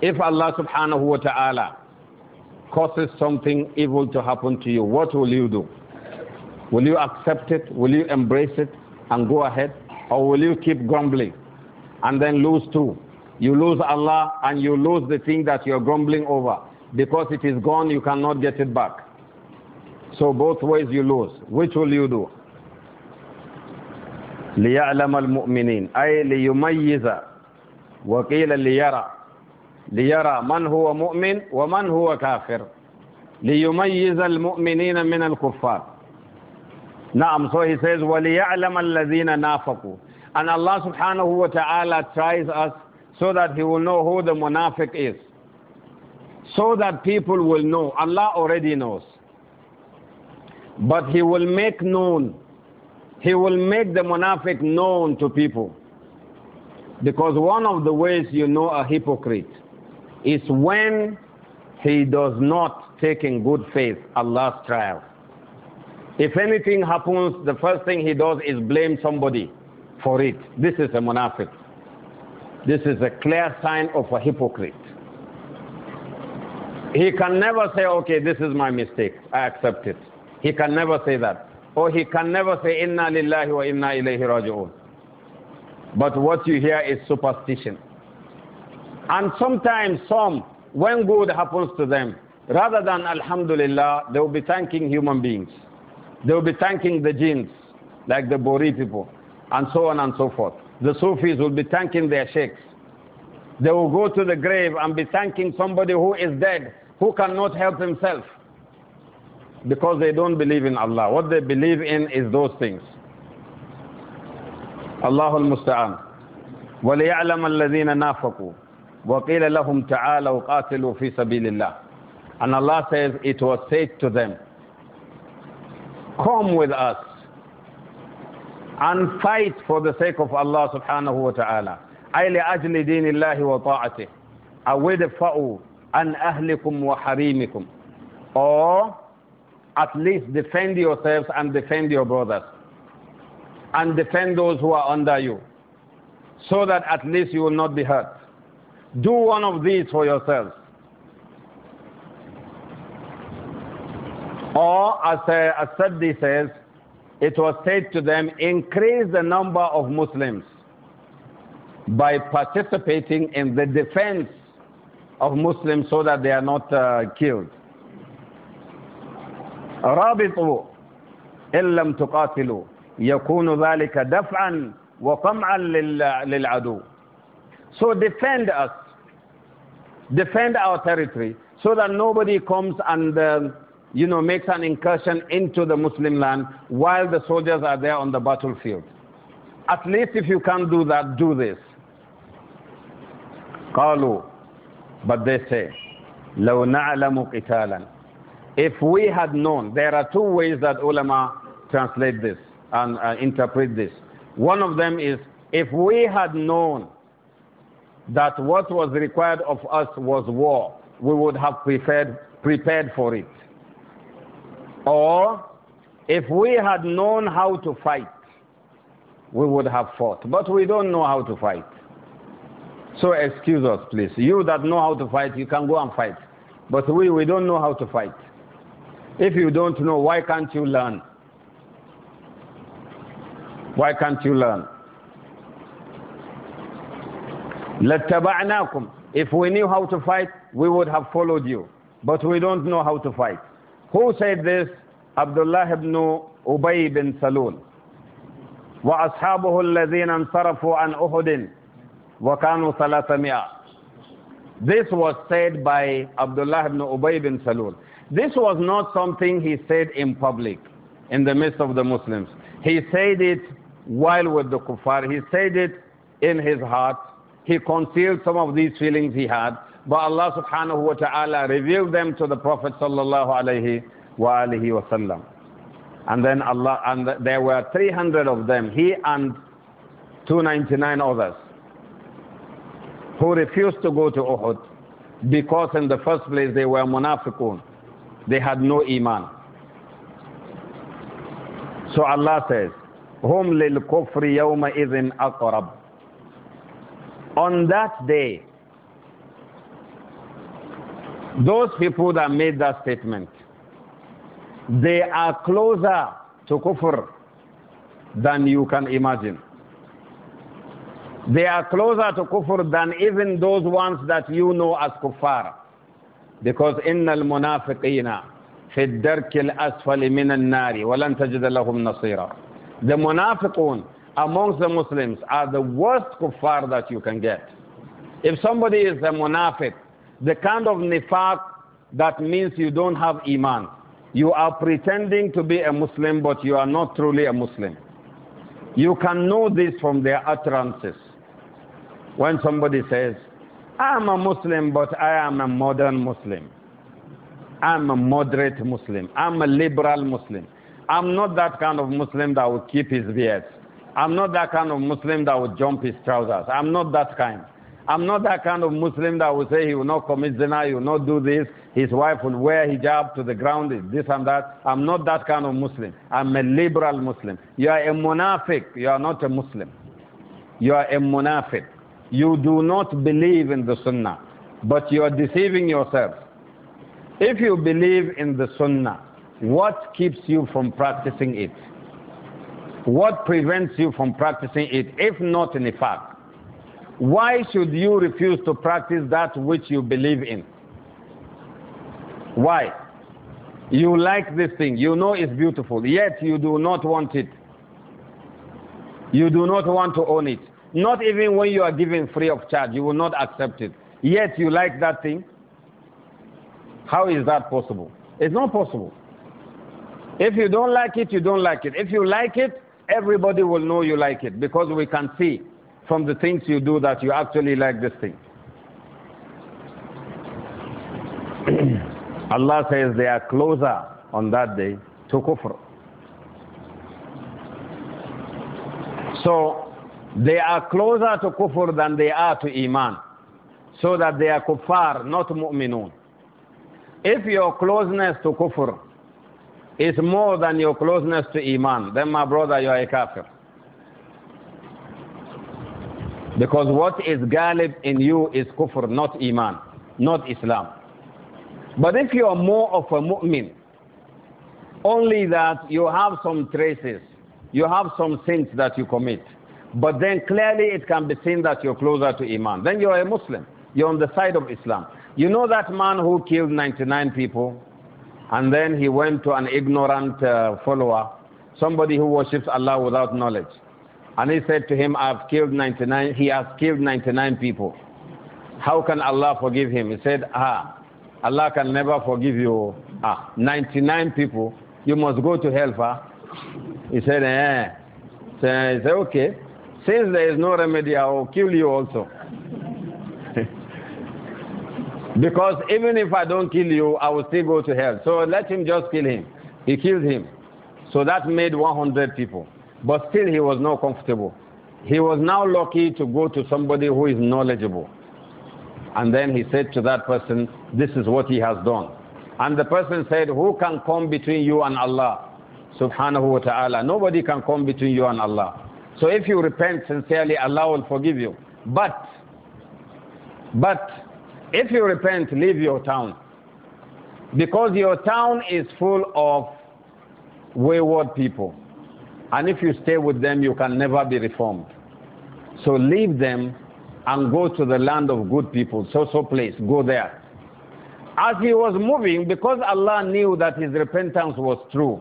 If Allah subhanahu wa ta'ala causes something evil to happen to you, what will you do? Will you accept it? Will you embrace it and go ahead? Or will you keep grumbling and then lose too? You lose Allah and you lose the thing that you're grumbling over. Because it is gone, you cannot get it back. So both ways you lose. Which will you do? ليعلم المؤمنين أي ليميز وقيل ليرى ليرى من هو مؤمن ومن هو كافر ليميز المؤمنين من الكفار نعم so he says وليعلم الذين نافقوا and Allah subhanahu wa ta'ala tries us so that he will know who the munafiq is so that people will know Allah already knows but he will make known he will make the munafiq known to people because one of the ways you know a hypocrite is when he does not take in good faith Allah's trial. If anything happens, the first thing he does is blame somebody for it. This is a munafiq. This is a clear sign of a hypocrite. He can never say, okay, this is my mistake. I accept it. He can never say that. Or he can never say, inna lillahi wa inna ilayhi raji'un. But what you hear is superstition. And sometimes some, when good happens to them, rather than Alhamdulillah, they will be thanking human beings. They will be thanking the jinns, like the Bori people, and so on and so forth. The Sufis will be thanking their sheikhs. They will go to the grave and be thanking somebody who is dead, who cannot help himself, because they don't believe in Allah. What they believe in is those things. Allahul Musta'an. وَلِيَعْلَمَ الَّذِينَ نَافَقُوا وَقِيلَ لَهُمْ تَعَالَوْا قَاتِلُوا فِي سَبِيلِ اللَّهِ And Allah says, it was said to them, come with us and fight for the sake of Allah subhanahu wa ta'ala. أي لأجل دين الله وطاعته أودفعوا عن أهلكم وحريمكم or at least defend yourselves and defend your brothers and defend those who are under you so that at least you will not be hurt do one of these for yourselves. Or, as, uh, Saddi says, it was said to them, increase the number of Muslims by participating in the defense of Muslims so that they are not uh, killed. رابطوا إن لم تقاتلوا يكون ذلك دفعا وقمعا للعدو. So defend us defend our territory so that nobody comes and uh, you know makes an incursion into the Muslim land while the soldiers are there on the battlefield. At least if you can't do that, do this. Kalu. but they say لو نعلم قتالا if we had known there are two ways that ulama translate this and uh, interpret this one of them is if we had known that what was required of us was war. We would have prepared, prepared for it. Or if we had known how to fight, we would have fought. But we don't know how to fight. So excuse us, please. You that know how to fight, you can go and fight. But we, we don't know how to fight. If you don't know, why can't you learn? Why can't you learn? لَتَّبَعْنَاكُمْ If we knew how to fight, we would have followed you. But we don't know how to fight. Who said this? Abdullah ibn Ubay bin Salul. وَأَصْحَابُهُ الَّذِينَ انْصَرَفُوا عَنْ أُحُدٍ وَكَانُوا مِئَةٍ. This was said by Abdullah ibn Ubay bin Salul. This was not something he said in public, in the midst of the Muslims. He said it while with the kuffar. He said it in his heart he concealed some of these feelings he had, but Allah subhanahu wa ta'ala revealed them to the Prophet sallallahu alayhi wa alihi wasallam. And then Allah, and there were 300 of them, he and 299 others, who refused to go to Uhud because in the first place they were munafiqun. They had no iman. So Allah says, هم للكفر يومئذ أقرب on that day, those people that made that statement, they are closer to kufr than you can imagine. They are closer to kufr than even those ones that you know as kuffar. Because إن المنافقين في الدرك الأسفل من النار ولن تجد لهم نصيرا. The munafiqun amongst the Muslims are the worst kuffar that you can get. If somebody is a munafiq, the kind of nifaq that means you don't have iman. You are pretending to be a Muslim, but you are not truly a Muslim. You can know this from their utterances. When somebody says, I am a Muslim, but I am a modern Muslim. I'm a moderate Muslim. I'm a liberal Muslim. I'm not that kind of Muslim that will keep his beard. I'm not that kind of Muslim that would jump his trousers. I'm not that kind. I'm not that kind of Muslim that would say he will not commit zina, he will not do this, his wife will wear hijab to the ground, this and that. I'm not that kind of Muslim. I'm a liberal Muslim. You are a munafiq, you are not a Muslim. You are a munafiq. You do not believe in the sunnah, but you are deceiving yourself. If you believe in the sunnah, what keeps you from practicing it? What prevents you from practicing it, if not in fact? Why should you refuse to practice that which you believe in? Why? You like this thing, you know it's beautiful, yet you do not want it. You do not want to own it. Not even when you are given free of charge, you will not accept it. Yet you like that thing. How is that possible? It's not possible. If you don't like it, you don't like it. If you like it, everybody will know you like it because we can see from the things you do that you actually like this thing. Allah says they are closer on that day to kufr. So they are closer to kufr than they are to iman. So that they are kuffar, not mu'minun. If your closeness to kufr is more than your closeness to Iman, then my brother, you are a kafir. Because what is galib in you is kufr, not Iman, not Islam. But if you are more of a mu'min, only that you have some traces, you have some sins that you commit, but then clearly it can be seen that you're closer to Iman. Then you are a Muslim, you're on the side of Islam. You know that man who killed 99 people? And then he went to an ignorant uh, follower, somebody who worships Allah without knowledge. And he said to him, I've killed 99, he has killed 99 people. How can Allah forgive him? He said, Ah, Allah can never forgive you. Ah, 99 people, you must go to hellfire. He said, Eh. So he said, Okay, since there is no remedy, I will kill you also. Because even if I don't kill you, I will still go to hell. So let him just kill him. He killed him. So that made 100 people. But still, he was not comfortable. He was now lucky to go to somebody who is knowledgeable. And then he said to that person, This is what he has done. And the person said, Who can come between you and Allah? Subhanahu wa ta'ala. Nobody can come between you and Allah. So if you repent sincerely, Allah will forgive you. But, but, if you repent, leave your town. Because your town is full of wayward people. And if you stay with them, you can never be reformed. So leave them and go to the land of good people, so so place, go there. As he was moving, because Allah knew that his repentance was true,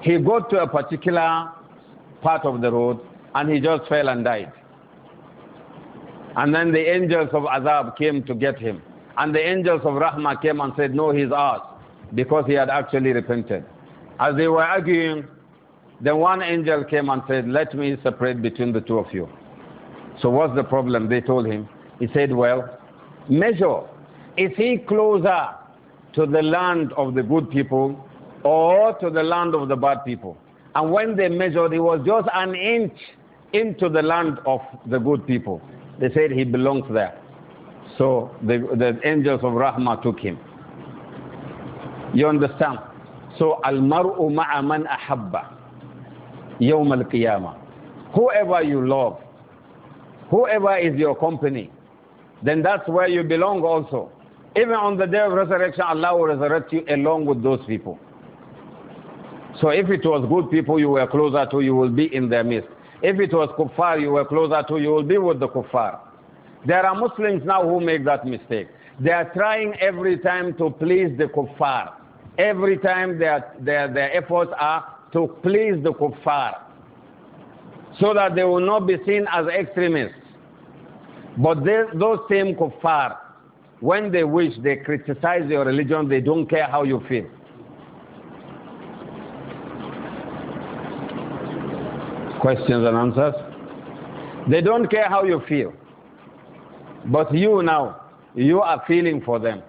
he got to a particular part of the road and he just fell and died. And then the angels of Azab came to get him. And the angels of Rahmah came and said, No, he's ours, because he had actually repented. As they were arguing, then one angel came and said, Let me separate between the two of you. So, what's the problem? They told him. He said, Well, measure. Is he closer to the land of the good people or to the land of the bad people? And when they measured, he was just an inch into the land of the good people. They said he belongs there. So the, the angels of Rahmah took him. You understand? So al-mar'u ma'a man ahabba yawm al-qiyamah. Whoever you love, whoever is your company, then that's where you belong also. Even on the day of resurrection, Allah will resurrect you along with those people. So if it was good people you were closer to, you will be in their midst. If it was kuffar you were closer to, you will be with the kuffar. There are Muslims now who make that mistake. They are trying every time to please the kuffar. Every time their, their, their efforts are to please the kuffar so that they will not be seen as extremists. But they, those same kuffar, when they wish, they criticize your religion, they don't care how you feel. questions and answers. They don't care how you feel. But you now, you are feeling for them.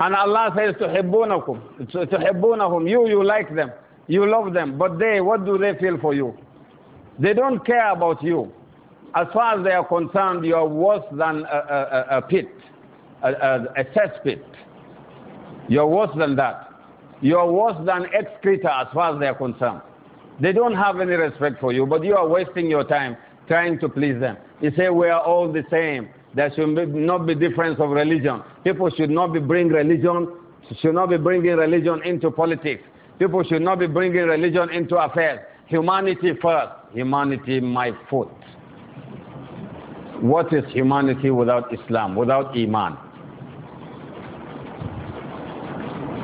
And Allah says, تُحِبُّونَكُمْ تُحِبُّونَهُمْ You, you like them. You love them. But they, what do they feel for you? They don't care about you. As far as they are concerned, you are worse than a, a, a pit, a, a, cesspit. You are worse than that. You are worse than excreta as far as they are concerned. They don't have any respect for you, but you are wasting your time trying to please them. You say we are all the same. There should not be difference of religion. People should not be bring religion should not be bringing religion into politics. People should not be bringing religion into affairs. Humanity first. Humanity my foot. What is humanity without Islam, without Iman?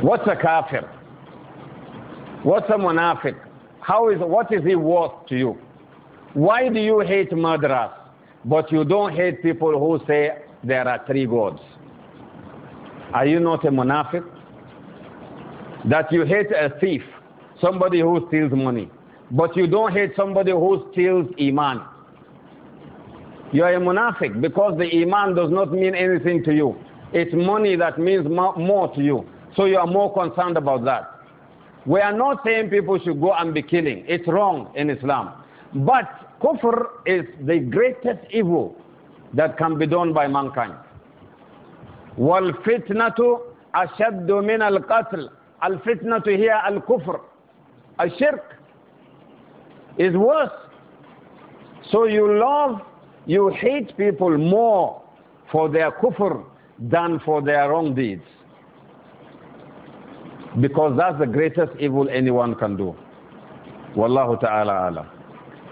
What's a kafir? What's a munafiq? How is, what is he worth to you? Why do you hate murderers, but you don't hate people who say there are three gods? Are you not a munafiq? That you hate a thief, somebody who steals money, but you don't hate somebody who steals iman. You are a munafiq because the iman does not mean anything to you. It's money that means more to you. So you are more concerned about that. We are not saying people should go and be killing. It's wrong in Islam. But kufr is the greatest evil that can be done by mankind. وَالْفِتْنَةُ al مِنَ al الْفِتْنَةُ here al-kufr. Al-shirk is worse. So you love, you hate people more for their kufr than for their wrong deeds. Because that's the greatest evil anyone can do. Wallahu ta'ala ala.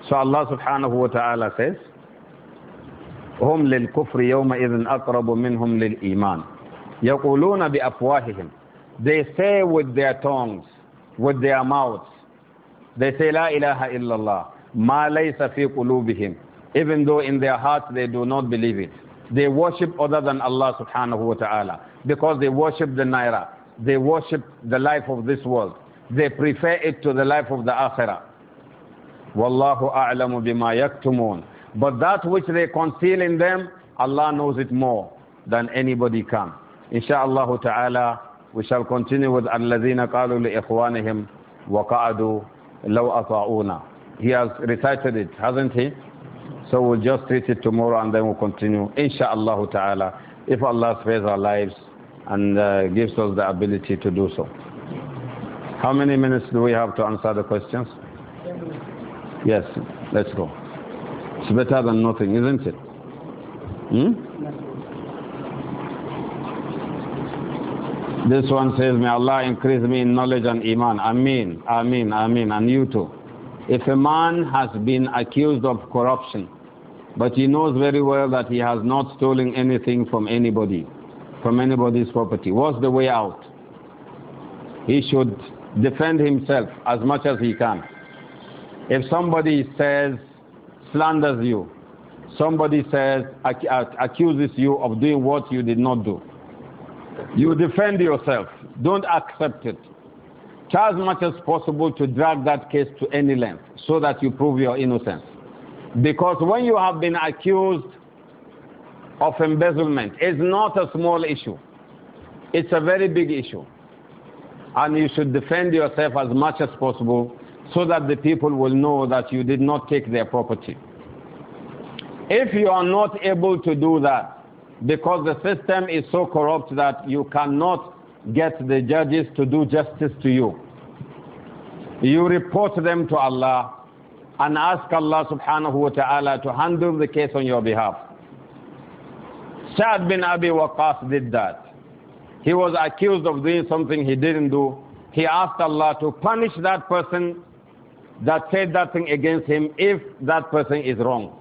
So Allah subhanahu wa ta'ala says, هم للكفر يومئذ أقرب منهم للإيمان يقولون بأفواههم They say with their tongues, with their mouths, they say لا إله إلا الله ما ليس في قلوبهم Even though in their hearts they do not believe it. They worship other than Allah subhanahu wa ta'ala because they worship the naira they worship the life of this world. They prefer it to the life of the akhirah. Wallahu a'lamu bima yaktumun. But that which they conceal in them, Allah knows it more than anybody can. Insha'Allah ta'ala, we shall continue with الَّذِينَ قَالُوا لِإِخْوَانِهِمْ وَقَعَدُوا لَوْ أَطَعُونَ He has recited it, hasn't he? So we'll just read it tomorrow and then we'll continue. Insha'Allah ta'ala, if Allah spares our lives, and uh, gives us the ability to do so. How many minutes do we have to answer the questions? Yes, let's go. It's better than nothing, isn't it? Hmm? This one says, May Allah increase me in knowledge and Iman. Ameen, Ameen, Ameen, and you too. If a man has been accused of corruption, but he knows very well that he has not stolen anything from anybody, from anybody's property. What's the way out? He should defend himself as much as he can. If somebody says, slanders you, somebody says, accuses you of doing what you did not do, you defend yourself. Don't accept it. Try as much as possible to drag that case to any length so that you prove your innocence. Because when you have been accused of embezzlement is not a small issue. It's a very big issue. And you should defend yourself as much as possible so that the people will know that you did not take their property. If you are not able to do that, because the system is so corrupt that you cannot get the judges to do justice to you, you report them to Allah and ask Allah subhanahu wa ta'ala to handle the case on your behalf. Sa'ad bin Abi Waqqas did that. He was accused of doing something he didn't do. He asked Allah to punish that person that said that thing against him if that person is wrong.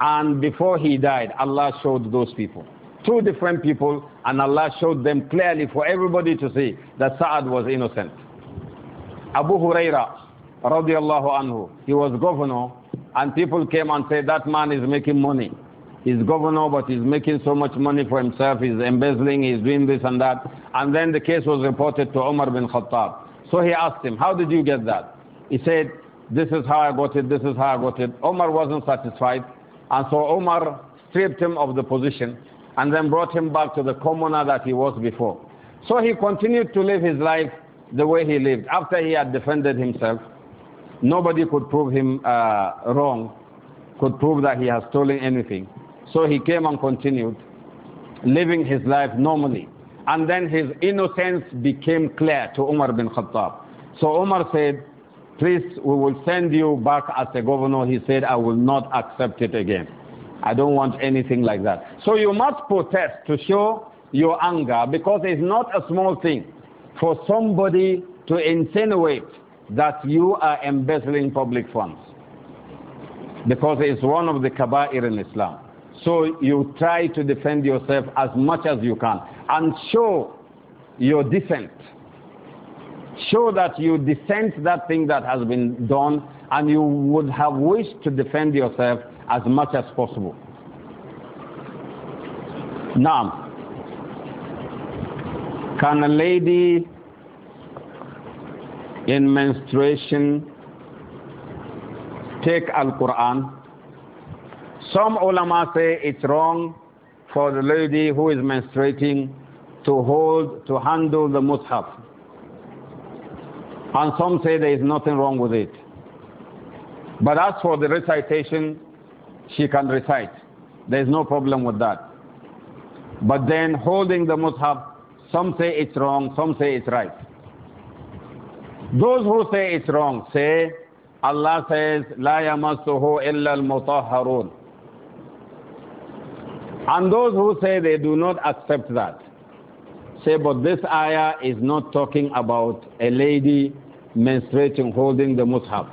And before he died, Allah showed those people. Two different people, and Allah showed them clearly for everybody to see that Sa'ad was innocent. Abu Huraira, radiallahu anhu, he was governor, and people came and said, That man is making money he's governor, but he's making so much money for himself, he's embezzling, he's doing this and that. And then the case was reported to Umar bin Khattab. So he asked him, How did you get that? He said, This is how I got it, this is how I got it. Omar wasn't satisfied, and so Omar stripped him of the position and then brought him back to the commoner that he was before. So he continued to live his life the way he lived. After he had defended himself, nobody could prove him uh, wrong, could prove that he has stolen anything. So he came and continued living his life normally. And then his innocence became clear to Umar bin Khattab. So Umar said, Please, we will send you back as a governor. He said, I will not accept it again. I don't want anything like that. So you must protest to show your anger because it's not a small thing for somebody to insinuate that you are embezzling public funds because it's one of the kaba'ir in Islam. So you try to defend yourself as much as you can and show your dissent. Show that you dissent that thing that has been done and you would have wished to defend yourself as much as possible. Now, can a lady in menstruation take Al Quran? Some ulama say it's wrong for the lady who is menstruating to hold, to handle the mushaf. And some say there is nothing wrong with it. But as for the recitation, she can recite. There is no problem with that. But then holding the mushaf, some say it's wrong, some say it's right. Those who say it's wrong say, Allah says, لا يمسه إلا المطهرون and those who say they do not accept that say, but this ayah is not talking about a lady menstruating holding the mushaf.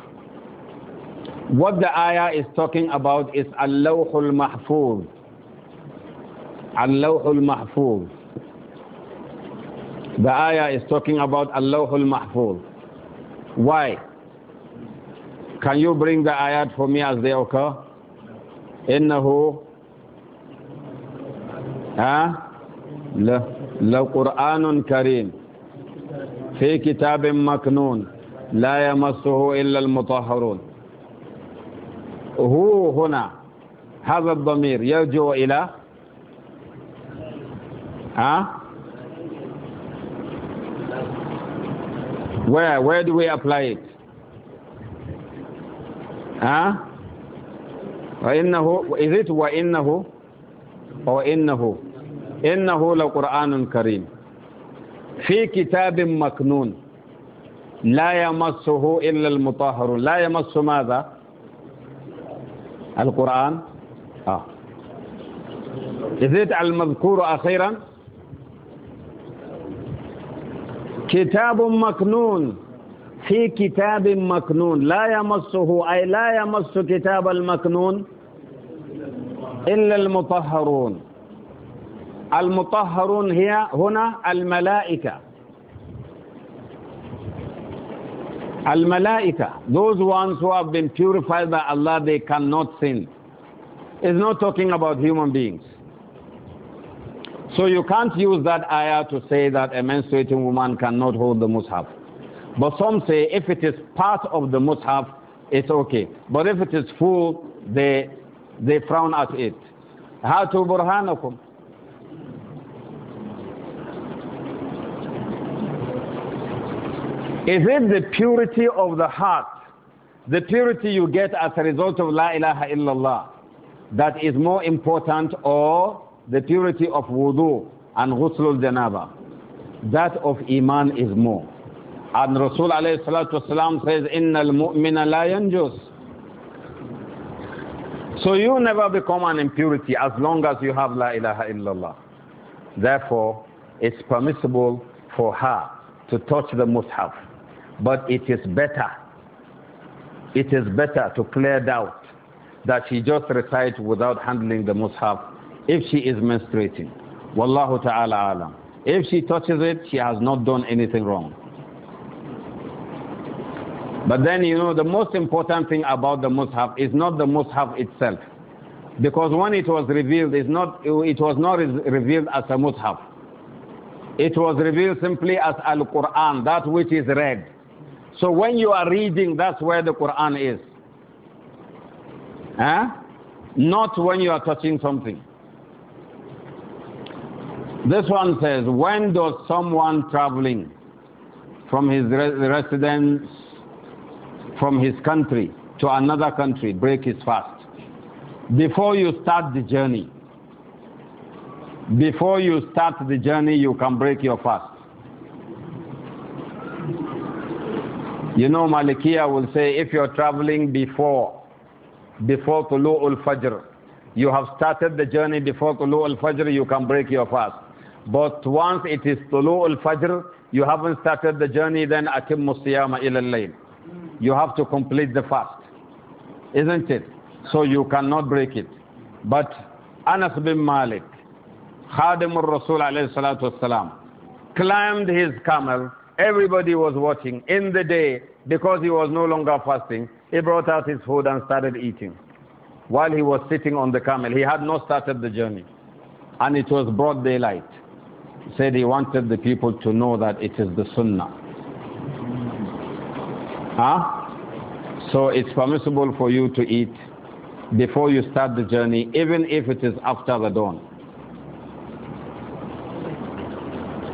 What the ayah is talking about is Allahul Mahfuz. Allahul Mahfuz. The ayah is talking about Allahul Mahfuz. Why? Can you bring the ayat for me as they occur? إنه ها لا قرآن كريم في كتاب مكنون لا يمسه إلا المطهرون هو هنا هذا الضمير يرجع إلى ها where where do we apply it ها وإنه is it وإنه or إنه إنه لقرآن كريم في كتاب مكنون لا يمسه إلا المطهر لا يمس ماذا القرآن آه إذن المذكور أخيرا كتاب مكنون في كتاب مكنون لا يمسه أي لا يمس كتاب المكنون إلا المطهرون المطهرون هي هنا الملائكة الملائكة those ones who have been purified by Allah they cannot sin it's not talking about human beings so you can't use that ayah to say that a menstruating woman cannot hold the mushaf but some say if it is part of the mushaf it's okay but if it is full they they frown at it How to برهانكم Is it the purity of the heart, the purity you get as a result of La ilaha illallah, that is more important, or the purity of wudu and ghusl janaba? That of Iman is more. And Rasul alayhi salatu wasalam says, Innal mu'mina la yanjus. So you never become an impurity as long as you have La ilaha illallah. Therefore, it's permissible for her to touch the mushaf but it is better, it is better to clear doubt that she just recites without handling the mushaf if she is menstruating. Wallahu ta'ala alam. If she touches it, she has not done anything wrong. But then, you know, the most important thing about the mushaf is not the mushaf itself. Because when it was revealed, it's not, it was not revealed as a mushaf. It was revealed simply as Al Quran, that which is read. So when you are reading, that's where the Quran is. Huh? Not when you are touching something. This one says, when does someone traveling from his residence, from his country to another country, break his fast? Before you start the journey, before you start the journey, you can break your fast. You know, Malikiya will say if you're traveling before, before Tulu al-Fajr, you have started the journey before Tulu al-Fajr, you can break your fast. But once it is Tulu al-Fajr, you haven't started the journey, then Akim Siyama ila You have to complete the fast. Isn't it? So you cannot break it. But Anas bin Malik, Khadim al-Rasul alayhi salatu wasalam, climbed his camel Everybody was watching in the day because he was no longer fasting. He brought out his food and started eating while he was sitting on the camel. He had not started the journey. And it was broad daylight. He said he wanted the people to know that it is the sunnah. Huh? So it's permissible for you to eat before you start the journey, even if it is after the dawn.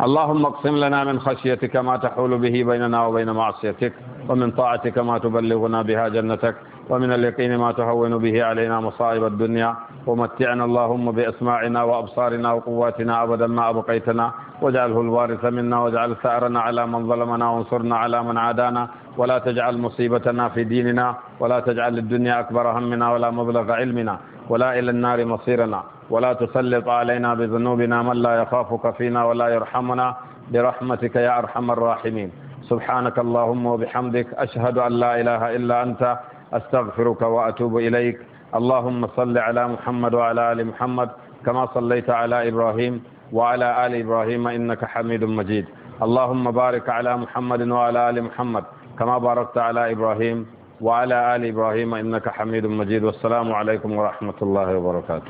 اللهم اقسم لنا من خشيتك ما تحول به بيننا وبين معصيتك ومن طاعتك ما تبلغنا بها جنتك ومن اليقين ما تهون به علينا مصائب الدنيا ومتعنا اللهم بأسماعنا وأبصارنا وقواتنا أبدا ما أبقيتنا واجعله الوارث منا واجعل ثأرنا على من ظلمنا وانصرنا على من عادانا ولا تجعل مصيبتنا في ديننا ولا تجعل الدنيا أكبر همنا ولا مبلغ علمنا ولا إلى النار مصيرنا ولا تسلط علينا بذنوبنا من لا يخافك فينا ولا يرحمنا برحمتك يا أرحم الراحمين سبحانك اللهم وبحمدك أشهد أن لا إله إلا أنت أستغفرك وأتوب إليك اللهم صل على محمد وعلى آل محمد كما صليت على إبراهيم وعلى آل إبراهيم إنك حميد مجيد اللهم بارك على محمد وعلى آل محمد كما باركت على إبراهيم وعلى آل إبراهيم إنك حميد مجيد والسلام عليكم ورحمة الله وبركاته